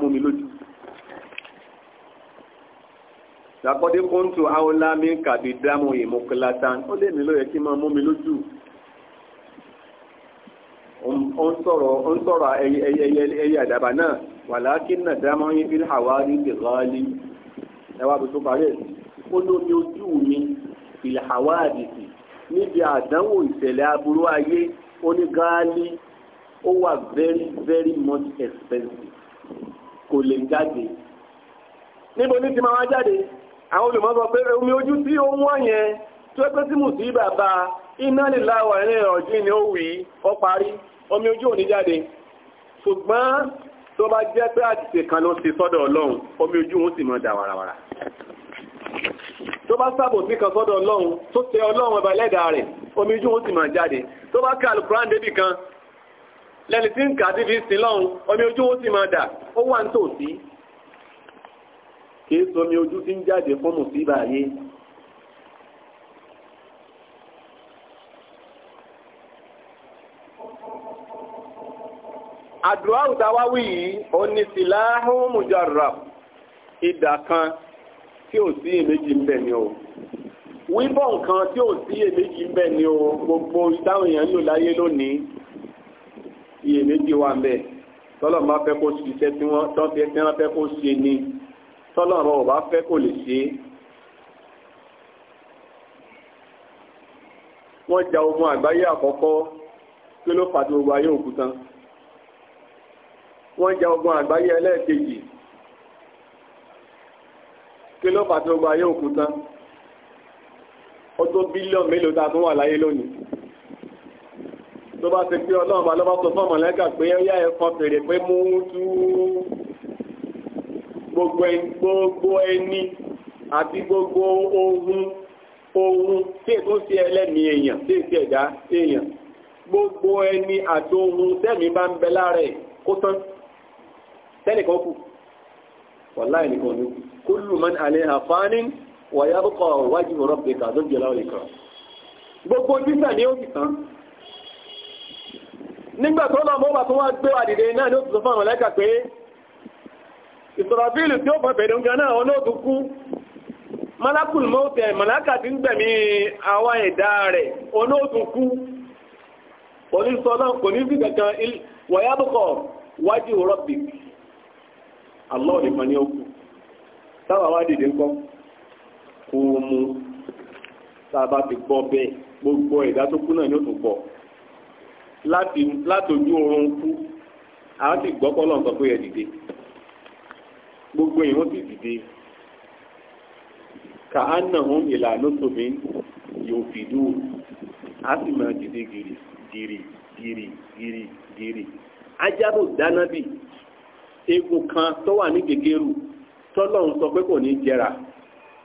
ó ń sọ̀rọ̀ ó ń sọ̀rọ̀ ẹyẹ àdàbà náà walakin nadama fil hawari ti ghali ẹwà bí tó parí ẹ̀ ó lómi ojú mi fil hawari ti níbi àdánwò ìṣẹ̀lẹ̀ aburú ayé ó ní ghali ó wà very very much expensive kò lè jáde níbo ní ti máa jáde àwọn olùmọ̀ sọ pé omi ojú tí ó wọ́n tó ẹgbẹ́ sí mùsùlùmí bàbá iná lílá wà ní ọ̀jí ni ó wì í ó parí omi ojú òní jáde ṣùgbọ́n tó bá jẹ́ pé àtìsè kan ló ti sọ́dọ̀ ọlọ́run omi ojú òun sì mọ́ dà wàràwàrà tó bá sábò sí kan sọ́dọ̀ ọlọ́run tó tẹ ọlọ́run ẹ̀bà lẹ́dàá rẹ̀ omi ojú òun sì mọ́ jáde tó bá ká alukuran débì kan lẹ́ni tí ń kà sí fi omi ojú òun sì mọ́ dà ó wà nítòsí kìí somi ojú tí ń jáde fún mùsíbà yìí àdúrà òtawáwí yìí ó ní síláhù mujarrab ìdà kan tí ò sí èméjì ń bẹ ni o wíbọ̀ nǹkan tí ò sí èméjì ń bẹ ni o gbogbo ìdáhùn èèyàn lò láyé lónìí iyèméjì wà ń bẹ tọ́lọ̀ máa fẹ́ kó ṣiṣẹ́ tí wọ́n tọ́ fi ẹsẹ̀ fẹ́ kó ṣe ni tọ́lọ̀ ọ̀rọ̀ ò fẹ́ kó lè ṣe wọ́n ja ogun àgbáyé àkọ́kọ́ kí ló fàtí gbogbo ayé òkú wọ́n ja ogun àgbáyé ẹlẹ́ẹ̀kejì kí ló fàtí ogun ayé òkú tán ó tó bílíọ̀n mélòó tá a tún wà láyé lónìí tó bá ti pé ọlọ́run bá lọ́bá sọ fọ́ọ̀mù lẹ́gà pé ẹ̀yà ẹ̀kan fèrè pé mú tú gbogbo ẹni àti gbogbo ohun ohun tí èso sí ẹlẹ́mìí èèyàn tí èsì ẹ̀dá èèyàn gbogbo ẹni àti ohun tẹ́mi bá ń bẹ lára ẹ̀ kó tán tẹ́nìkan kù wàlá ẹnìkan ní kullu man alaiha fanin wa yabqa wajhu rabbika tó jẹ́ láwọn ìkan gbogbo títà ni ó ti tán nígbà tó lọ mọ́ bà tó wá gbé wà dìde náà ni ó ti sọ fún àwọn lẹ́kà pé ìsọ̀rọ̀fíìlù tí ó bọ̀ bẹ̀rẹ̀ ǹkan náà wọn ó tún kú malakul mọ́tẹ̀ malaka ti ń gbẹ̀mí àwọn ẹ̀dá rẹ̀ wọn ó tún kú kò ní sọ náà kò ní sí kankan wàyábùkọ̀ wájú rọ́bìkì Allah nìkan ní òkú táwa ti gbogbo ẹ̀dá tó kú náà ní òtún láti ojú oorun a ti gbọ́ pọ́ lọ́nà ya dide gbogbo yìí ti ka yóò fi a sì máa dìde gìrì gìrì eegun kan tó wà ní gègéru tọ́lọ́run sọ pé kò ní jẹra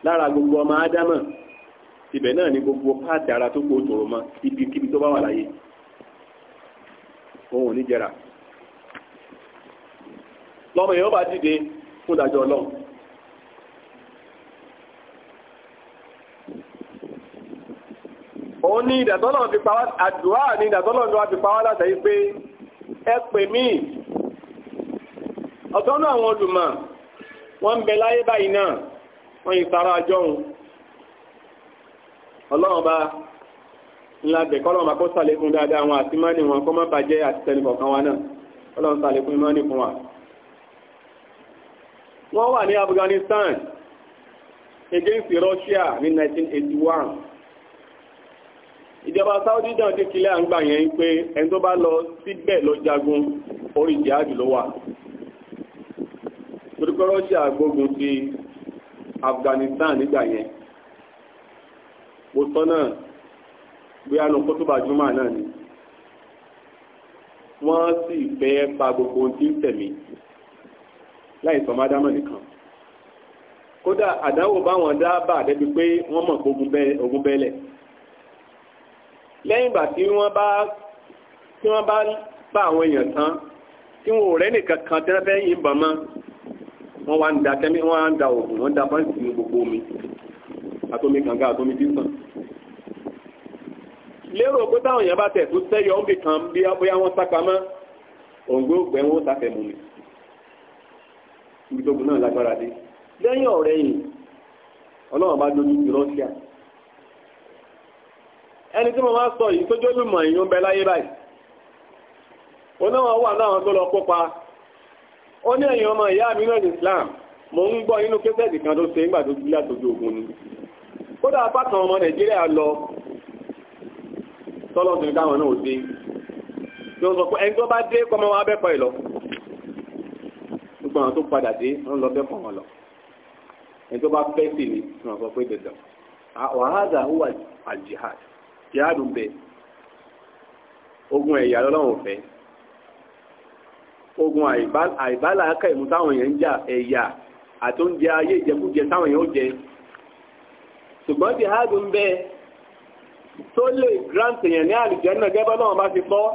lára gbogbo ọmọ ádámà ibẹ̀ náà ni gbogbo páàtì ara tó kó tòrò mọ́ kíbi tó bá wà láyé òun ò ní jẹra. lọ́mọ yẹn ó bá dìde fún ìdájọ́ ọlọ́run òun ní ìdàtọ́lọ́run ti pa wá àdúrà ni ìdàtọ́lọ́run ti pa wá látàrí pé ẹ pè míì ọ̀tọ́ náà àwọn olùmọ̀ wọ́n ń bẹ láyé báyìí náà wọ́n yìí sára ajọ́hun ọlọ́run bá ńlá bẹ̀ kọ́lọ́run bá kó sàlékún dáadáa wọn àti mọ́ni wọn kó má bàjẹ́ àti tẹnu wa náà kọ́lọ́run sàlékún mọ́ni fún wa. wọ́n wà ní Afghanistan against Russia ní 1981 ìjọba Saudi náà ti kílẹ̀ àǹgbà yẹn pé ẹni tó bá lọ síbẹ̀ lọ jagun orí jihad ló wà pé Russia gbógun ti Afghanistan nígbà yẹn mo sọ náà bóyá lọ kó tó bá júmọ̀ náà ni wọ́n sì fẹ́ pa gbogbo ohun tí ń tẹ̀mí láì sọ má dámọ̀ nìkan kódà àdánwò báwọn dábàá débi pé wọ́n mọ̀ ogun bẹ́lẹ̀ lẹ́yìn ìgbà tí wọ́n bá tí wọ́n bá bá àwọn èèyàn tán tí wọn ò rẹ́ nìkan tẹ́lẹ́fẹ́ yìnbọn mọ́ wọ́n wá ń da kẹ́mí wọ́n á ń da òògùn wọ́n da báńkì ní gbogbo omi àtomi kànga àtomi dísàn lérò pé táwọn èèyàn bá tẹ̀ tó sẹ́yọ ń bì kan bí abóyá wọ́n sápamọ́ òǹgbé ògbẹ́ wọn ó sáfẹ́ mú mi ibi tó gun náà lágbára dé lẹ́yìn ọ̀rẹ́ yìí ọlọ́run bá dojú ti rọ́ṣíà ẹni tí mo máa sọ yìí tó jólùmọ̀ èèyàn bẹ láyé báyìí onáwọn wà náà tó lọ kópa ó ní ẹ̀yin ọmọ ìyá mi Islam mo ń gbọ́ inú kẹsẹ̀tì kan tó ṣe nígbà tó gbílá tójú ogun ni kódà apá kan ọmọ Nàìjíríà lọ tọ́lọ́ tó ní káwọn náà dé tí wọ́n sọ pé ẹni tó bá dé kọ́mọ wa bẹ́kọ̀ ẹ̀ lọ gbogbo àwọn tó padà dé wọ́n lọ bẹ́kọ̀ wọn lọ ẹni tó bá fẹ́ sí ni wọ́n sọ pé dandan wàhálà huwa al-jihad jihad ogun ẹ̀yà lọ́lọ́run fẹ́ ogun àìbálà aka ìmú táwọn èèyàn ń jà ẹ̀yà àti oúnjẹ ayé ìjẹkújẹ táwọn èèyàn ó jẹ ṣùgbọ́n ti háàdù ń bẹ tó lè grant èèyàn ní àlùjànnà gẹ́gẹ́ náà bá ti kọ́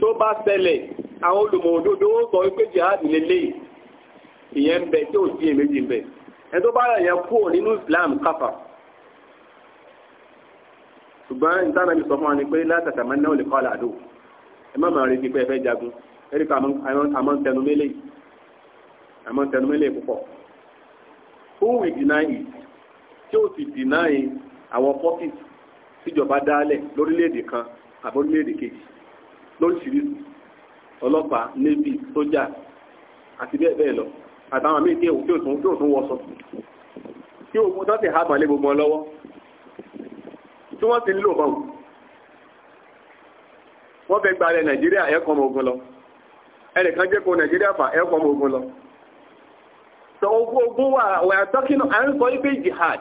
tó bá ṣẹlẹ̀ àwọn olùmọ̀ òdodo ó sọ wípé jihad lélẹ̀ ìyẹn ń bẹ tí ò sí èméjì ń bẹ ẹ tó bá yẹn kú nínú Islam káfà ṣùgbọ́n ìtànàbí sọ fún wa ni pé látàtàmọ́ náà lè kọ́ àlàdó ẹ má máa retí pé ẹ fẹ́ jagun erika àmọ́ tẹnumẹ́lẹ̀ àmọ́ tẹnumẹ́lẹ̀ púpọ̀ who will deny it tí ó ti deny àwọn pockets tíjọba dálẹ̀ lórílẹ̀‐èdè kan àbí orílẹ̀‐èdè kejì lóríṣiríṣi ọlọ́pàá navy sójà àti bẹ́ẹ̀ bẹ́ẹ̀ lọ àtàwọn míì tí ò tún tí ò tún wọṣọ tí ogun tó ti há balẹ̀ gbogbo wọn lọ́wọ́ tí wọ́n ti ń lò bọ́ọ̀ wọ́n fẹ́ gbalẹ̀ nàìjíríà ẹ̀kọ́ ọmọ ogun lọ ẹnìkan jẹ́ kó nàìjíríà fà ẹ́ pọ̀ ogun lọ sọ ogun ogun wà wà tọ́kínú à ń sọ ipe jihad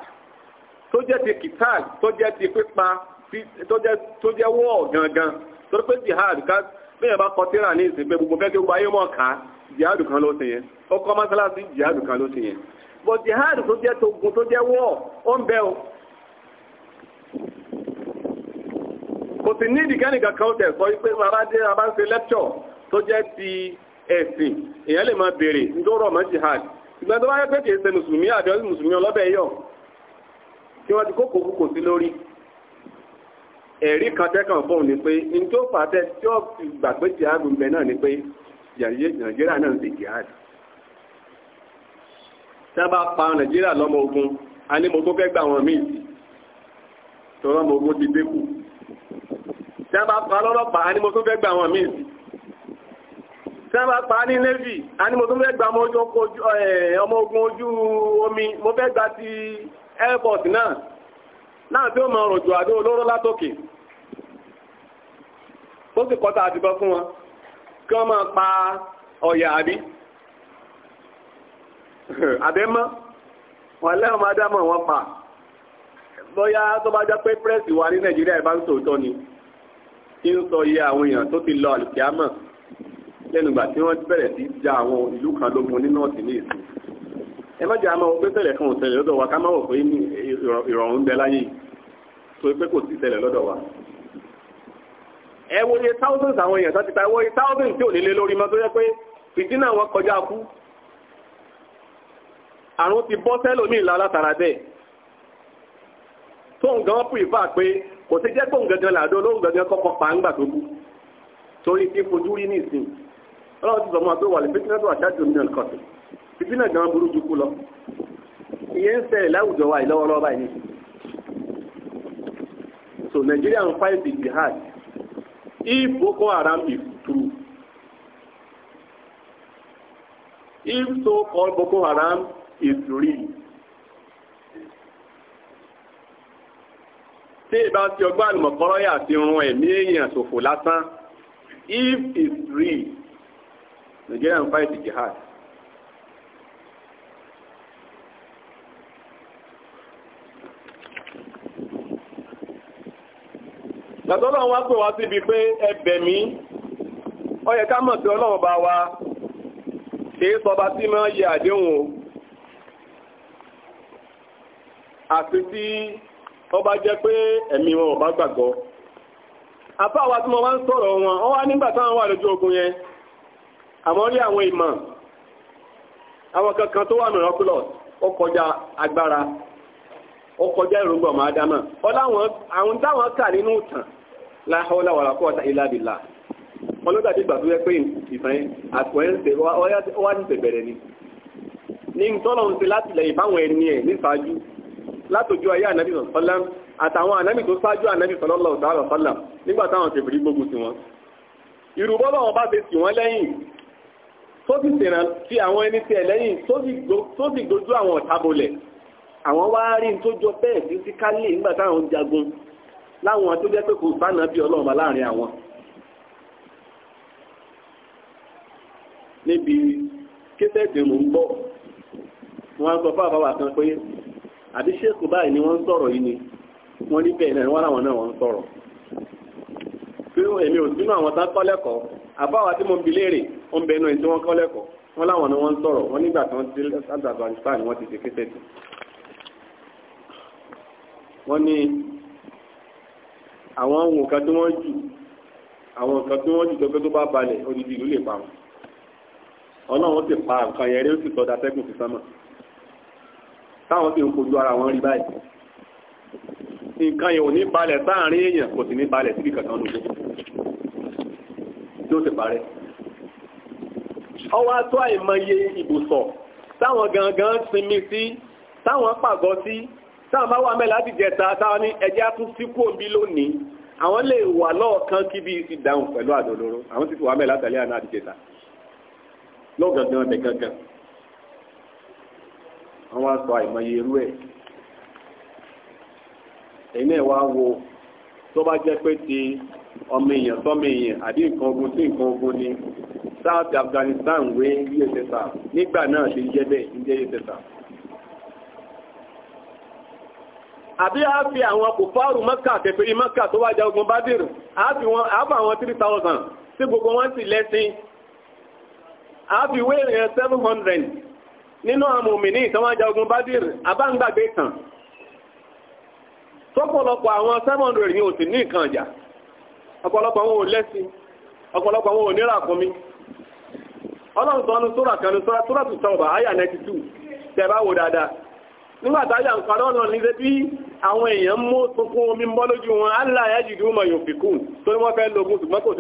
tó jẹ́ ti kìtàl tó jẹ́ ti pípa tó jẹ́ wọ́ọ̀ gangan tó pé jihad ká bẹ́ẹ̀ bá kọ tíra ní ìsìn pé gbogbo fẹ́ kí gbogbo ayé mọ̀ ká jihad kan ló sì yẹn ó kọ́ mọ́sálásí jihad kan ló sì yẹn bọ̀ jihad tó jẹ́ togun tó jẹ́ wọ́ọ̀ ó ń bẹ́ o kò sì ní ìdíkẹ́nìkan kan ó tẹ̀ sọ pé bàbá dé bàbá ń ṣe lẹ́pṣọ̀ tó jẹ́ ti ẹ̀sìn èèyàn lè máa béèrè nítorí ọ̀rọ̀ mọ́ jihad ìgbà tó bá yẹ pé kìí ṣe mùsùlùmí àbí ọdún mùsùlùmí ọlọ́bẹ̀ yọ kí wọ́n ti kókò kókò sí lórí ẹ̀rí kan tẹ́kàn fóun ni pé ní tó fàtẹ́ tí ó fi gbà pé jihad ń bẹ náà ni pé nàìjíríà náà ń ṣe jihad tí a bá pa nàìjíríà lọ́mọ ogun a ní mo tó fẹ́ gbà wọn míì tọ́lọ́mọ ogun ti dẹ́kù tí a bá pa lọ́lọ́pàá a ní mo tó fẹ́ gbà wọn míì tí wọ́n bá pa ní navy a ní mo tún fẹ́ gba ọmọ ogun ojú omi mo fẹ́ gba ti airport náà náà tí ó mọ rọ̀jò àdó olóró látòkè ó sì kọ́ta àtibọ́ fún wọn kí wọ́n máa pa ọ̀yà àbí àbẹ́mọ́ wọn lẹ́wọ̀n máa dámọ̀ wọn pa bóyá tó bá jẹ́ pé pírẹ́sì wà ní nàìjíríà ìbá ń sòótọ́ ni kí ń sọ iye àwọn èèyàn tó ti lọ àlùkìámọ̀ lẹ́nu ìgbà tí wọ́n bẹ̀rẹ̀ sí ja àwọn ìlú kan lógun ní nọ́ọ̀tì ní ìsìn ẹ má jẹ́ àmọ́ pé tẹ̀lẹ̀ kan ò tẹ̀lẹ̀ lọ́dọ̀ wa ká má wọ̀ pé ìrọ̀rùn ń bẹ láyé tó pé kò sí tẹ̀lẹ̀ lọ́dọ̀ wa ẹ wo iye thousands àwọn èèyàn tó ti ta ẹ wo iye thousands tí ò nílé lórí mọ́ tó yẹ pé fìdínà wọn kọjá kú àrùn ti bọ́ sẹ́lòmíì la látara bẹ́ẹ̀ tóun gan pìfà pé kò sí jẹ́ pé òun gangan làdó lóun gangan kọ́kọ́ pa ń gbà tó kú torí tí fojú rí nísìnyí ọlọ́run ti sọ mọ́ pé wà lè fẹ́tínà tó àṣà jù nínú ẹ̀kọ́ sí fìtínà gan burú ju kú lọ ìyẹn ń ṣẹlẹ̀ láwùjọ wa ìlọ́wọ́lọ́wọ́ báyìí so Nigeria ń fight the jihad if Boko Haram is true if so-called Boko Haram is real tí ìbá ti ọgbà àlùmọ̀kọ́rọ́ yà ti run ẹ̀mí èèyàn ṣòfò lásán if it's real Nigeria ń fight jihad. gbàtọ́ ọlọ́run wá pè wá síbi pé ẹbẹ̀ mí ó yẹ ká mọ̀ sí ọlọ́run bá wa kìí sọba tí yẹ àdéhùn o àti tí ọba jẹ́ pé ẹ̀mí wọn ò bá gbàgbọ́ àfáà wa tí mo wá ń sọ̀rọ̀ wọn ó wá nígbà táwọn wà lójú ogun yẹn àmọ́ rí àwọn ìmọ̀ àwọn kankan tó wà miraculous ó kọjá agbára ó kọjá èròngbà ọmọ adama ọláwọn àwọn kà nínú ìtàn la hawla wala quwwata illa billah wọn ló dàbí ìgbà tó yẹ pé ìfẹ́ àpò ẹ̀ ń ṣe wá ní bẹ̀bẹ̀rẹ̀ ni ní tọ́lọ̀ ń ṣe láti lẹ̀ ìbáwọn ẹni ẹ̀ nífàájú látòjú ayé ànábì sọ̀sọ́lám àtàwọn ànábì tó ṣáájú ànábì sọ̀lọ́lọ́ ọ̀sán àlọ́sọ́lám nígbà táwọn ṣèbìrí sí wọn ìrùbọ́lọ́wọ́n bá ṣe sì wọ́n lẹ́yìn tó sì tẹ̀nà tí àwọn ẹni tẹ̀ lẹ́yìn tó sì dojú àwọn ọ̀tá bolẹ̀ àwọn wá rí tó jọ bẹ́ẹ̀ sí sí kálí nígbà táwọn jagun láwọn tó jẹ́ pé kò sánà bí ọlọ́ọ̀bá láàrin àwọn níbi kéfẹ́ẹ̀tì mò ń gbọ́ wọ́n sọ fún àbáwà kan pé àbí báyìí ni wọ́n ń sọ̀rọ̀ yìí ni wọ́n ní bẹ́ẹ̀ náà wọ́n láwọn náà wọ́n ń sọ̀rọ̀ sí èmi ò sínú àwọn tá kọ́ lẹ́kọ̀ọ́ àbáwá tí mo bi léèrè ó ń bẹnu ẹ̀ tí wọ́n kọ́ lẹ́kọ̀ọ́ wọ́n láwọn ni wọ́n ń sọ̀rọ̀ wọ́n nígbà tí wọ́n ti South Afghanistan ni wọ́n ti ṣe kéṣẹ́tì wọ́n ní àwọn ohun kan tí wọ́n jù àwọn nǹkan tí wọ́n jù tó pé tó bá balẹ̀ odidi ìlú lè pa wọn ọlọ́run sì pa nǹkan yẹn rí ó sì tọ́ datẹ́kùn sí sánmà táwọn sì ń kojú ara wọn rí báyìí nǹkan yẹn ò ní balẹ̀ sáàrin èèyàn kò sì ní balẹ̀ síbi kankan lóko yóò ti parẹ́ ọwọ́ atọ́ àìmọye ibùsọ̀ táwọn gangan sinmi sí táwọn pàgọ́ sí táwọn bá wà mẹ́lá ti jẹta táwọn ní ẹjẹ́ tún síkú òbí lónìí àwọn lè wà lọ́ọ̀kan kí bí ti dáhùn pẹ̀lú àdòlóró àwọn ti ti wà mẹ́lá tẹ̀lé àná àdìjẹta lọ́gangan ọ̀tẹ̀ gangan wọ́n wá sọ àìmọye irú ẹ̀ ẹ̀yin náà wá wo tó bá jẹ́ pé ti ọmọ èèyàn sọ́mọ èèyàn àbí nǹkan ogun sí nǹkan ogun ni South Afghanistan wé ussr nígbà náà ti jẹ́ bẹ́ẹ̀ ń jẹ́ àbí a fi àwọn kòfàrù mọ́kà tẹ̀fẹ̀rí mọ́kà tó wájá ogun bá dìrù a fi 3000 700 nínú ogun bá tọ́pọ̀lọpọ̀ àwọn 700 hundred yìí ò sì ní nǹkan ọjà ọpọlọpọ wọn ò lẹ́sìn ọ̀pọ̀lọpọ̀ wọn ò ní ràkúnmí ọlọ́run tọ́nu sóra kanu sóra sóra tó sọ̀rọ̀ àyà ninety two tẹ̀bá wò dáadáa nígbà táyà ń parọ́ bí àwọn èèyàn mú tuntun omi ń bọ́ lójú wọn tó ní wọ́n fẹ́ ṣùgbọ́n kò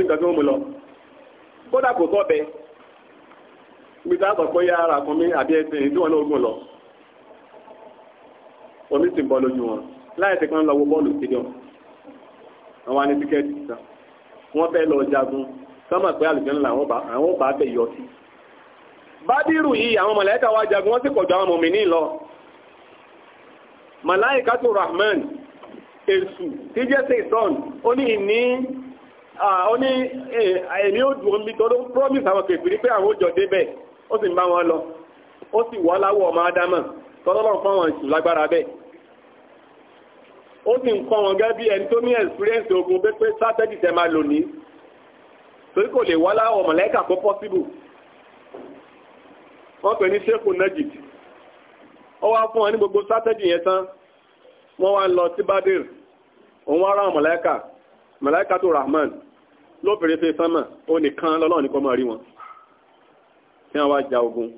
sí láì tẹ̀ kán lọ wo bọ́ọ̀lù stadium àwọn àni tíkẹ́ẹ̀tì sá wọ́n fẹ́ lọ jagun sọ́mọ̀ pé àlùjẹ́ ńlá àwọn bá bẹ̀ yọ sí. bádìrù yìí àwọn màláíkà wá jagun wọ́n sì pọ̀jù àwọn mùmínì lọ. màláíkàtù rahman èsù tí jẹ́ sèṣọ́n ó ní ìní ó ní èmi ó dùn omi tó ló promise àwọn kèfìrí pé àwọn òjò débẹ̀ ó sì ń bá wọn lọ ó sì wọ́ láwọ̀ ọmọ ádámà tọ́lọ́lọ́ fún àwọn ìṣù lágbára bẹ́ẹ̀ ó sì ń kọ́ wọn gẹ́gẹ́ bí ẹni tó ní ẹ̀sìpírẹ́ǹsì ogun be pé sátẹ́jì tẹ máa lò ní torí kò lè wá láwọn mọ̀lẹ́kà kó pọ́síbù wọ́n pè ní sẹ́kù nẹ́jìtì ó fún wọn ní gbogbo sátẹ́jì yẹn tán wọ́n wá ń lọ sí badir òun wá rahman ló fèrè sánmà ó nìkan lọ́lọ́ọ̀ ní máa rí wọn wọ́n wá ja ogun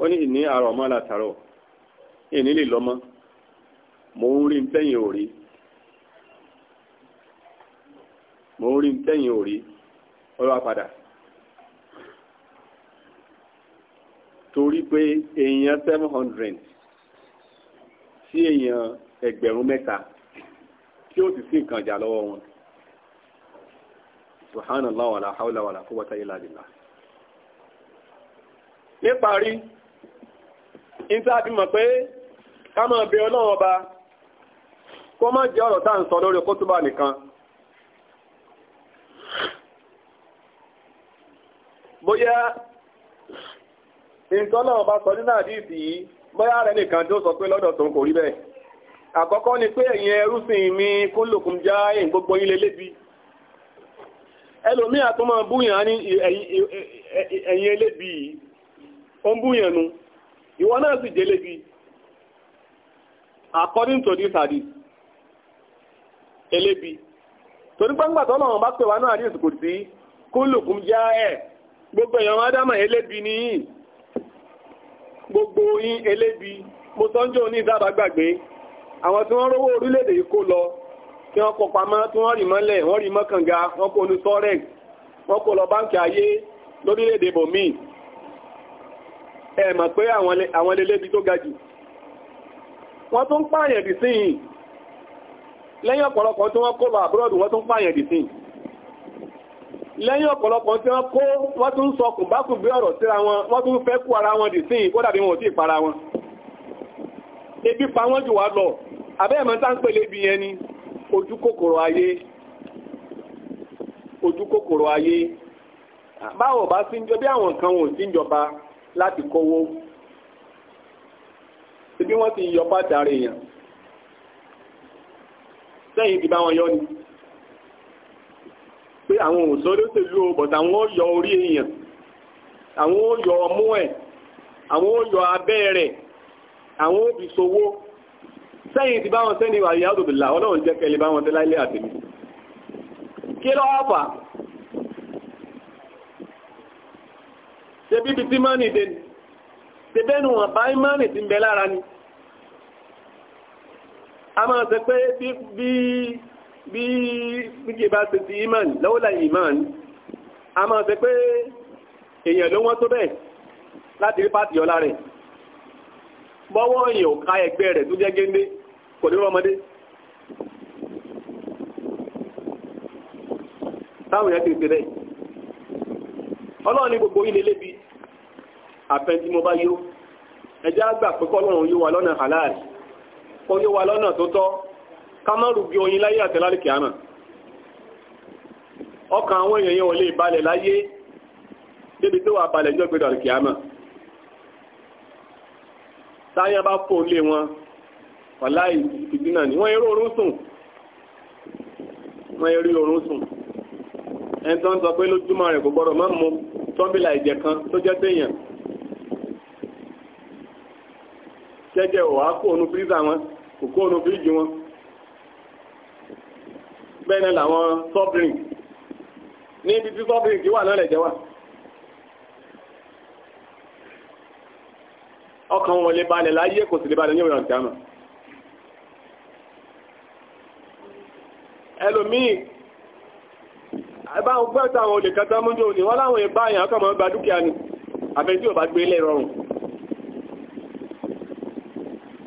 ó ní ìní àrọ̀ mọ́ mò ń rí ntẹ́yìn òrí mò ń rí ntẹ́yìn òrí ọlọ́wà padà torí pé èèyàn seven hundred sí èèyàn ẹgbẹ̀rún mẹ́ta tí ó sì sí nǹkan jà lọ́wọ́ wọn subhanallah wàlá haúlá wàlá kó wọ́tá yìí ládìlá níparí ní sáà bímọ pé ká máa bẹ ọlọ́run ọba kó má jẹ́ ọ̀rọ̀ tá à ń sọ lórí kótóbà nìkan bóyá nǹkan náà bá sọ náà àdíìsì yìí bóyá rẹ̀ nìkan tó sọ pé lọ́dọ̀ tó ń kò rí bẹ́ẹ̀ àkọ́kọ́ ni pé ẹ̀yin ẹrúsìn mi kúlùkùn já ẹ̀yìn gbogbo yín lé lébi ẹlòmíà tó máa búyàn ní ẹ̀yìn elébi ó ń búyàn nu ìwọ náà sì jẹ́ lébi according to this hadith Elebi, torí gbangba tó lọ́wọ́n bá pè wá náà àdéhùn kò sí kúlùkùn já ẹ̀ gbogbo èèyàn ádámà elebi, ní yìí gbogbo yín elébi mo sọ́njọ́ ní ìdábà gbàgbé àwọn tí wọ́n rówó orílẹ̀-èdè yìí kó lọ tí wọ́n kó pamọ́ tí wọ́n rì mọ́lẹ̀ wọ́n rì mọ́kànga wọ́n kó nu forex wọ́n kó lọ báńkì ayé lórílẹ̀-èdè bòmíì ẹ mọ̀ pé àwọn elébi tó ga jù wọ́n tún pààyàn dì síyìn lẹ́yìn ọ̀pọ̀lọpọ̀ tí wọ́n kó lọ abroad wọ́n tún pààyàn dì sí lẹ́yìn ọ̀pọ̀lọpọ̀ tí wọ́n kó wọ́n tún sọ kùbákùn bí ọ̀rọ̀ síra wọn wọ́n tún fẹ́ kú ara wọn dì sí kó dàbí wọn ò tí para wọn ebi pa wọ́n jù wá lọ abẹ́ẹ̀mọ́ tá ń pèlè ibi yẹn ni ojú kòkòrò ayé ojú kòkòrò ayé báwo bá sí jọ bí àwọn nǹkan wọn ò sí jọba láti kówó ibi wọ́n ti yọ bá sẹ́yìn ti bá wọn yọ ni pé àwọn òsọ lóṣèlú o bọ̀tà àwọn ó yọ orí èèyàn àwọn ó yọ ọmú ẹ̀ àwọn ó yọ abẹ́ rẹ̀ àwọn ó fi sowó sẹ́yìn ti bá wọn sẹ́ni wà yàtò bìlà ọlọ́run jẹ́ kẹ́lẹ̀ bá wọn tẹ́lá ilé àtẹ̀mí kí ló wá fà ṣe bíbi tí mọ́nì dé ṣe bẹ́nu wọn mọ́nì ti ń bẹ lára ni a máa sọ pé bí bí bí kìí bá ṣe ti imán lọ́wọ́lá imán a máa sọ pé èèyàn ló wọ́n tó bẹ́ẹ̀ láti rí pàtì ọlá rẹ̀ bọ́wọ́ èèyàn ká ẹgbẹ́ rẹ̀ tó jẹ́ géńdé kò ní rọmọdé táwọn èèyàn ti ṣe bẹ́ẹ̀ ọlọ́run ní gbogbo ilé lébi àfẹ́ntí mo bá yó ẹjẹ́ àgbà pé kọ́lọ́run yóò wà lọ́nà halal kó wa lọ́nà tó tọ́ ká má rúbi oyin láyé àtẹ̀lálìkì àmà ọkàn àwọn èèyàn ò lè balẹ̀ láyé débi tó wà balẹ̀ jọ gbé dàlìkì àmà táyà bá fò lé wọn wàláì ìdínà ni wọ́n eré orun sùn wọ́n eré sùn ẹni tó ń sọ pé lójúmọ́ rẹ̀ kò gbọ́dọ̀ kan tó jẹ́ kò kó ọ̀nà fíríjì wọn bẹ́ẹ̀ náà làwọn sọ́bìrìn ní ibi tí sọ́bìrìn kì wà náà lẹ̀jẹ̀ wà ọkàn wọn lè balẹ̀ láyé kò sì lè balẹ̀ ní ọ̀nà ìjàmà ẹlòmíì ẹbáwọn gbẹ́ta àwọn olè kẹta mú jò ní wọ́n láwọn ìbáyàn akọ̀mọ̀ gba dúkìá ni àfẹ́sí ò bá gbé lẹ́rọrùn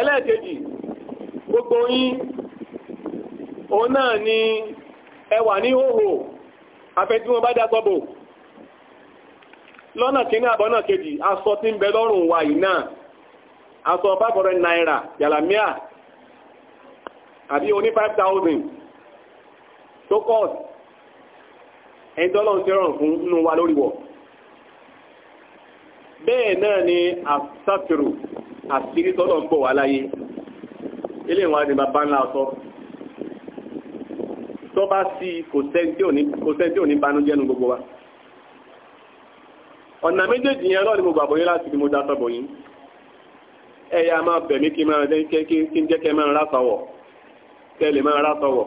ẹlẹ́ẹ̀kejì gbogbo yín o náà ni ẹ ní hòhò afẹ́ tí bá dágbọ́bò lọ́nà kìíní àbọ́nà kejì aṣọ tí ń bẹ lọ́rùn yìí náà aṣọ naira yàlàmíà àbí oní 5000 tó kọ́ọ̀t ẹni tọ́lọ́run rọrùn fún wa bẹ́ẹ̀ náà ni àṣàtìrù àṣírí tọ́lọ̀ ń bọ̀ wá láyé ilé ìwọ̀n àdìbà bá ńlá ọ̀tọ́ tó bá sí kò sẹ́ntí òní banújẹ́ nu gbogbo wa ọ̀nà méjèèjì yẹn lọ́ọ̀ni mo gbàgbọ́ yín láti fi mo dá sọ́bọ̀ yín ẹ̀yà máa bẹ̀ mí kí n jẹ́ kẹ́ máa rásọ̀wọ̀ kẹ́ lè máa rásọ̀wọ̀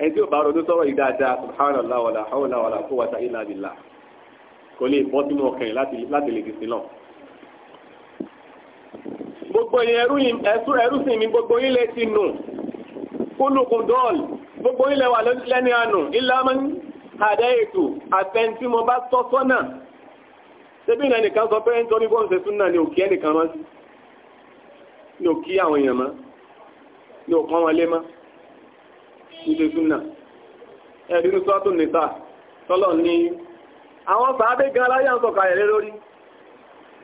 ẹni tí ò bá ronú sọ̀rọ̀ yìí dáadáa subhanallah wàlà hawla wàlà quwwata illa billah kò lè bọ́ sínú ọkàn láti lè fi sílọ̀ gbogbo ẹ̀yìn ẹ̀rú sí mi gbogbo ilẹ̀ ti nù kúlùkùn dọ́ọ̀lù gbogbo ilẹ̀ wà lẹ́ni ànù ìlàmán àdá ètò àfẹ́ntí mo bá tọ́ sọ́nà ṣébí ìrìn ẹnìkan sọ pé ń tọ́ ní bọ́n ṣe súnà ní òkè ẹnìkan rán sí ní òkè àwọn èèyàn mọ́ ní òkan wọn lé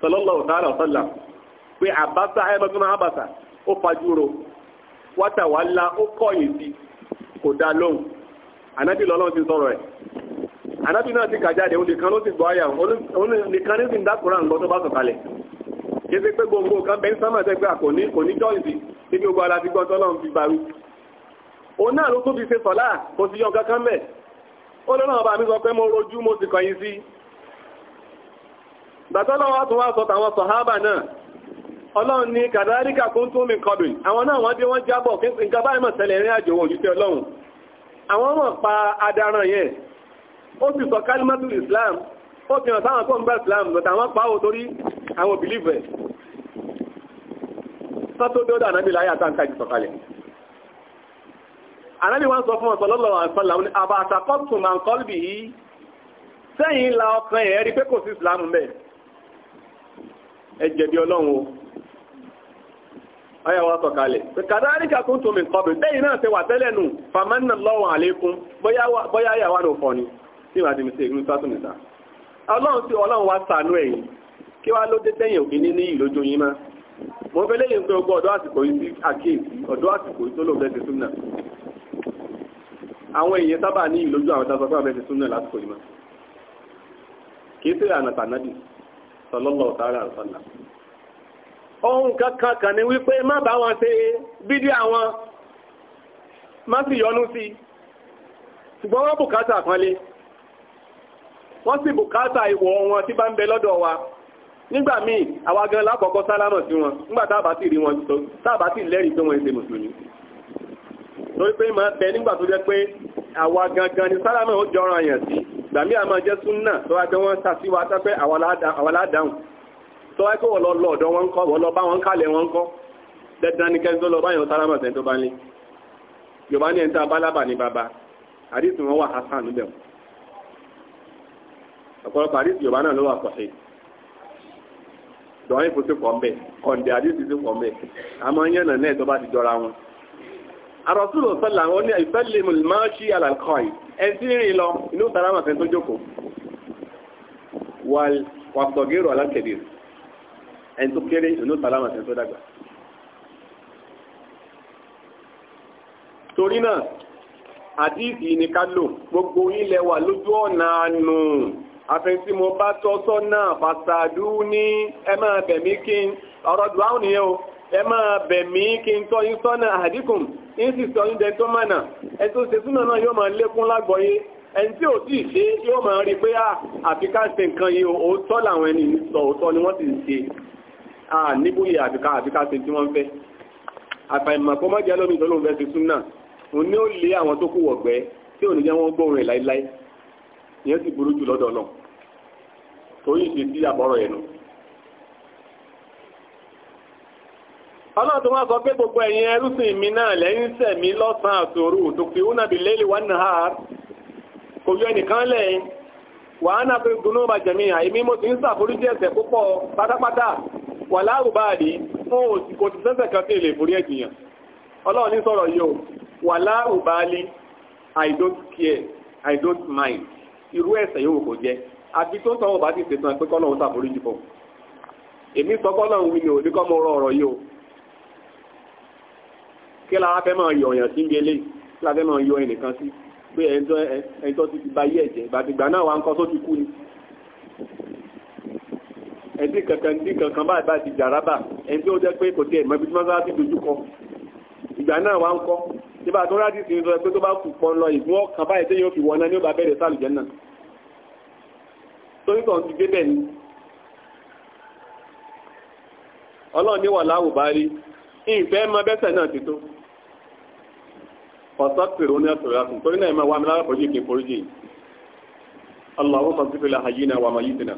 sallallahu ta'ala sallam pé àbáṣà ẹgbẹ́gbẹ́ máa bàṣà ó fajúro wátàwálá ó kọ̀yìn sí kò dá lóhùn ànábì lọ́lọ́run ti sọ̀rọ̀ ẹ̀ ànábì náà ti kàjáde òun nìkan ló ti gbọ́ àyà òun nìkan ní sì ń dákùrà ń gbọ́ tó bá sọ̀kalẹ̀ kéde pé gbogbo nǹkan bẹ́ẹ̀ sámà tẹ́ pé àkòní kò ní jọ́yìn sí níbi gbogbo ara ti gbọ́ tọ́lọ́run fi barú òun náà ló tó fi ṣe sọ̀lá kò sí yọ kankan mẹ́ ó lọ́nà ọba mi sọ pé mo rojú mo sì kọ̀yìn sí bàtọ́lọ́wọ́ tó wá sọ tàwọn sọ̀hábà náà ọlọ́run ní kàdáríkà kún tún mi kọbìn àwọn náà wọ́n dé wọ́n jábọ̀ nǹkan báyìí mọ̀ ṣẹlẹ̀ ìrìn àjò òjú tẹ ọlọ́run àwọn mọ̀ pa adaran yẹn ó sì sọ kálímọ́tù islam ó fi hàn sáwọn tó ń bá islam lọ́tà wọ́n pa ó torí àwọn bìlífẹ̀ sọ́tò dé ó dà nábì láyé àtàǹkà jù sọ̀kalẹ̀ anábì wọ́n sọ fún ọ̀sọ̀ lọ́lọ́ àṣọlá ní àbá àṣàkọ́tùmọ̀ kọ́lbì yìí sẹ́yìn la ọkàn ẹ̀ rí pé kò sí islam ẹjẹ̀bi ọlọ́run o ayàwó àtọ̀kalẹ̀ kàdáríkà kún tó mi kọ́bẹ̀ lẹ́yìn náà tẹwà tẹ́lẹ̀ nù fàmánà lọ́wọ́ àlékún bóyá àyàwó nù fọ́ ni tí wà dìmí sí ìgbìmí sátún nìta ọlọ́run tí ọlọ́run wá sànú ẹ̀yìn kí wá ló dé tẹ́yìn òkè ní níyì lójú yín má mo fẹ́ lẹ́yìn pé ogún ọ̀dọ́ àsìkò yìí sallallahu ta'ala alaihi wasallam ohun kankan kan ni wípé má bá wọn ṣe bídí àwọn má sì yọnú sí ṣùgbọ́n wọ́n bùkátà kanlé wọ́n sì bùkátà ìwọ̀ wọn tí bá ń bẹ lọ́dọ̀ wa nígbà míì àwa gan lákọ̀ọ́kọ́ sálámọ̀ sí wọn nígbà táàbà sì rí wọn tó táàbà sì lẹ́rìí pé wọ́n ṣe mùsùlùmí torí pé máa bẹ nígbà tó jẹ́ pé àwa gangan ni sálámọ̀ ó jọra yàn sí gbàmí àmọ́ jẹ́ súnà tó wá pé wọ́n ta sí wa tẹ́pẹ́ àwọn aládàáhùn tó wá pé wọ́n lọ lọ ọ̀dọ̀ wọn kọ́ wọ́n lọ bá wọn kálẹ̀ wọn kọ́ dandan ní kẹ́ńtọ́ lọ báyọ̀ sálámà tẹ́ tó bá ń lé yorùbá ní ẹ̀ńtà bálábà ní bàbá àdìsí wọn wà hasan níbẹ̀ ọ̀pọ̀lọpọ̀ àdìsí yorùbá náà ló wà sọ̀hìn dọ̀wọ́n ìfòsí pọ̀ ń bẹ̀ kọ̀ǹdẹ̀ àdìsí sí pọ̀ ń bẹ̀ àmọ́ yẹn nà náà tó bá ti jọra wọn àrọ̀sùlù sọ́là wọ́n ní ìfẹ́lẹ̀mù máṣí alàkọ́ì ẹn tí rìn lọ inú tàràmà tẹ́ tó jókòó wà sọ̀gẹ́rọ̀ alákẹ̀dẹ̀ ẹn tó kéré inú tàràmà tẹ́ tó dàgbà torí náà àdíìsì ní ká lò gbogbo ilẹ̀ wà lójú ọ̀nà àánú àfẹ́sí mo bá tọ́ sọ́nà fàṣàdú ní ẹ máa bẹ̀mí kí ọ̀rọ̀ dùn áwọn nìyẹn o ẹ máa bẹ̀ mí kí n tọ́ yín sọ́nà àdínkùn yín sì sọ yín dẹ tó mọ̀nà ẹ tó ṣe súnà náà yóò máa lékún lágbọ́yé ẹni tí ò sì ṣe yóò máa rí pé àfi ká ṣe nǹkan yìí òótọ́ làwọn ẹni sọ òótọ́ ni wọ́n sì ṣe à níbúyè àfikà àfikà ṣe tí wọ́n fẹ́ àfàìmọ̀ kó má jẹ́ lómi ìtọ́lóhùn fẹ́ ṣe súnà òun ni ó lé àwọn tó kù wọ̀gbẹ́ tí ò ní jẹ́ wọ́n gbóhùn rẹ̀ láíláí ìyẹn sì ọlọ́tún wá sọ pé gbogbo ẹ̀yìn ẹrúsìn mi náà lẹ́yìn sẹ̀mí lọ́sàn àtòrú tó fi ó nàbì lélì wà náà kò yọ ẹnìkan lẹ́yìn wà á náà fi gúnnú bá jẹ̀mí àìmí mo ti ń sàforíjì ẹ̀ṣẹ̀ púpọ̀ pátápátá wà láàrùbáàdì fún òsì ti sẹ́sẹ̀ kan o i don't care i don't mind sọ kí la fẹ́ máa yọ ọ̀yàn sí ilé kí la fẹ́ máa yọ ẹnìkan sí pé ẹjọ́ ti ti ba yí ẹ̀jẹ̀ ìgbàdìgbà náà wà ń kọ́ tó ti kú ni ẹ̀dín kankan dín kankan báyìí bá ti jàrábà ẹni tí ó jẹ́ pé kò tiẹ̀ mọ́bí tí wọ́n ti dojú kọ ìgbà náà wà ń kọ́ nígbà tó rádìí sí sọ pé tó bá kù pọ́n lọ ìgbọ́n kan báyìí tí yóò fi wọ́n náà ní ó bá bẹ̀rẹ̀ sálùjẹ́ náà torí kan ti dé bẹ́ẹ̀ ni ọlọ́run ní wà láwùbárí ìfẹ́ mọ bẹ́sẹ̀ náà ti tó فاستغفر لنا سوياكم قلنا ما وعمل على فرجيك فرجي اللهم اغفر لحينا وميتنا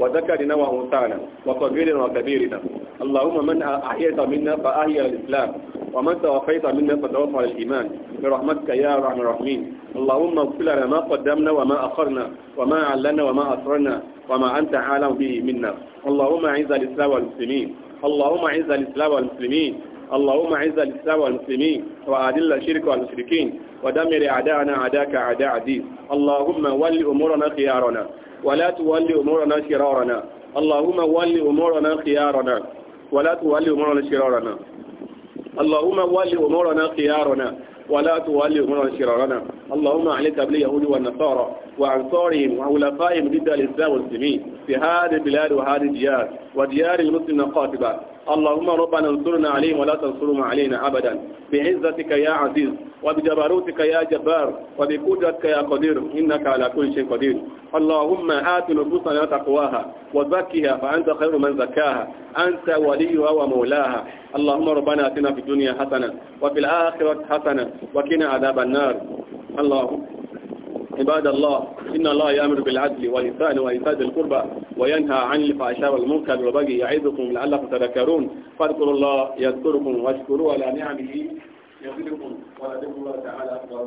وذكرنا وانثانا وصغيرنا وكبيرنا اللهم من احييت منا فاحيا الاسلام ومن توفيت منا فتوفى الايمان برحمتك يا ارحم الراحمين اللهم اغفر لنا ما قدمنا وما اخرنا وما علنا وما اسررنا وما انت عالم به منا اللهم اعز الاسلام والمسلمين اللهم اعز الاسلام والمسلمين اللهم عز الإسلام والمسلمين وأذل الشرك والمشركين ودمر أعداءنا أعداءك أعداء الدين اللهم ولي أمورنا خيارنا ولا تولي أمورنا شرارنا اللهم ولي أمورنا خيارنا ولا تولي أمورنا شرارنا اللهم ولي أمورنا خيارنا ولا تولي أمورنا شرارنا اللهم عليك باليهود والنصارى وأنصارهم وحلفائهم ضد الإسلام والمسلمين في هذه البلاد وهذه الديار وديار المسلمين القاطبة اللهم ربنا انصرنا عليهم ولا تنصرهم علينا أبدا بعزتك يا عزيز وبجبروتك يا جبار وبقدرتك يا قدير إنك على كل شيء قدير اللهم آت نفوسنا تقواها وزكها فأنت خير من زكاها أنت وليها ومولاها اللهم ربنا أتنا في الدنيا حسنة وفي الآخرة حسنة وقنا عذاب النار اللهم عباد الله إن الله يأمر بالعدل والإحسان وإيتاء القربى وينهى عن الفحشاء والمنكر والبغي يعظكم لعلكم تذكرون فاذكروا الله يذكركم واشكروا على نعمه يزدكم ولذكر الله تعالى أكبر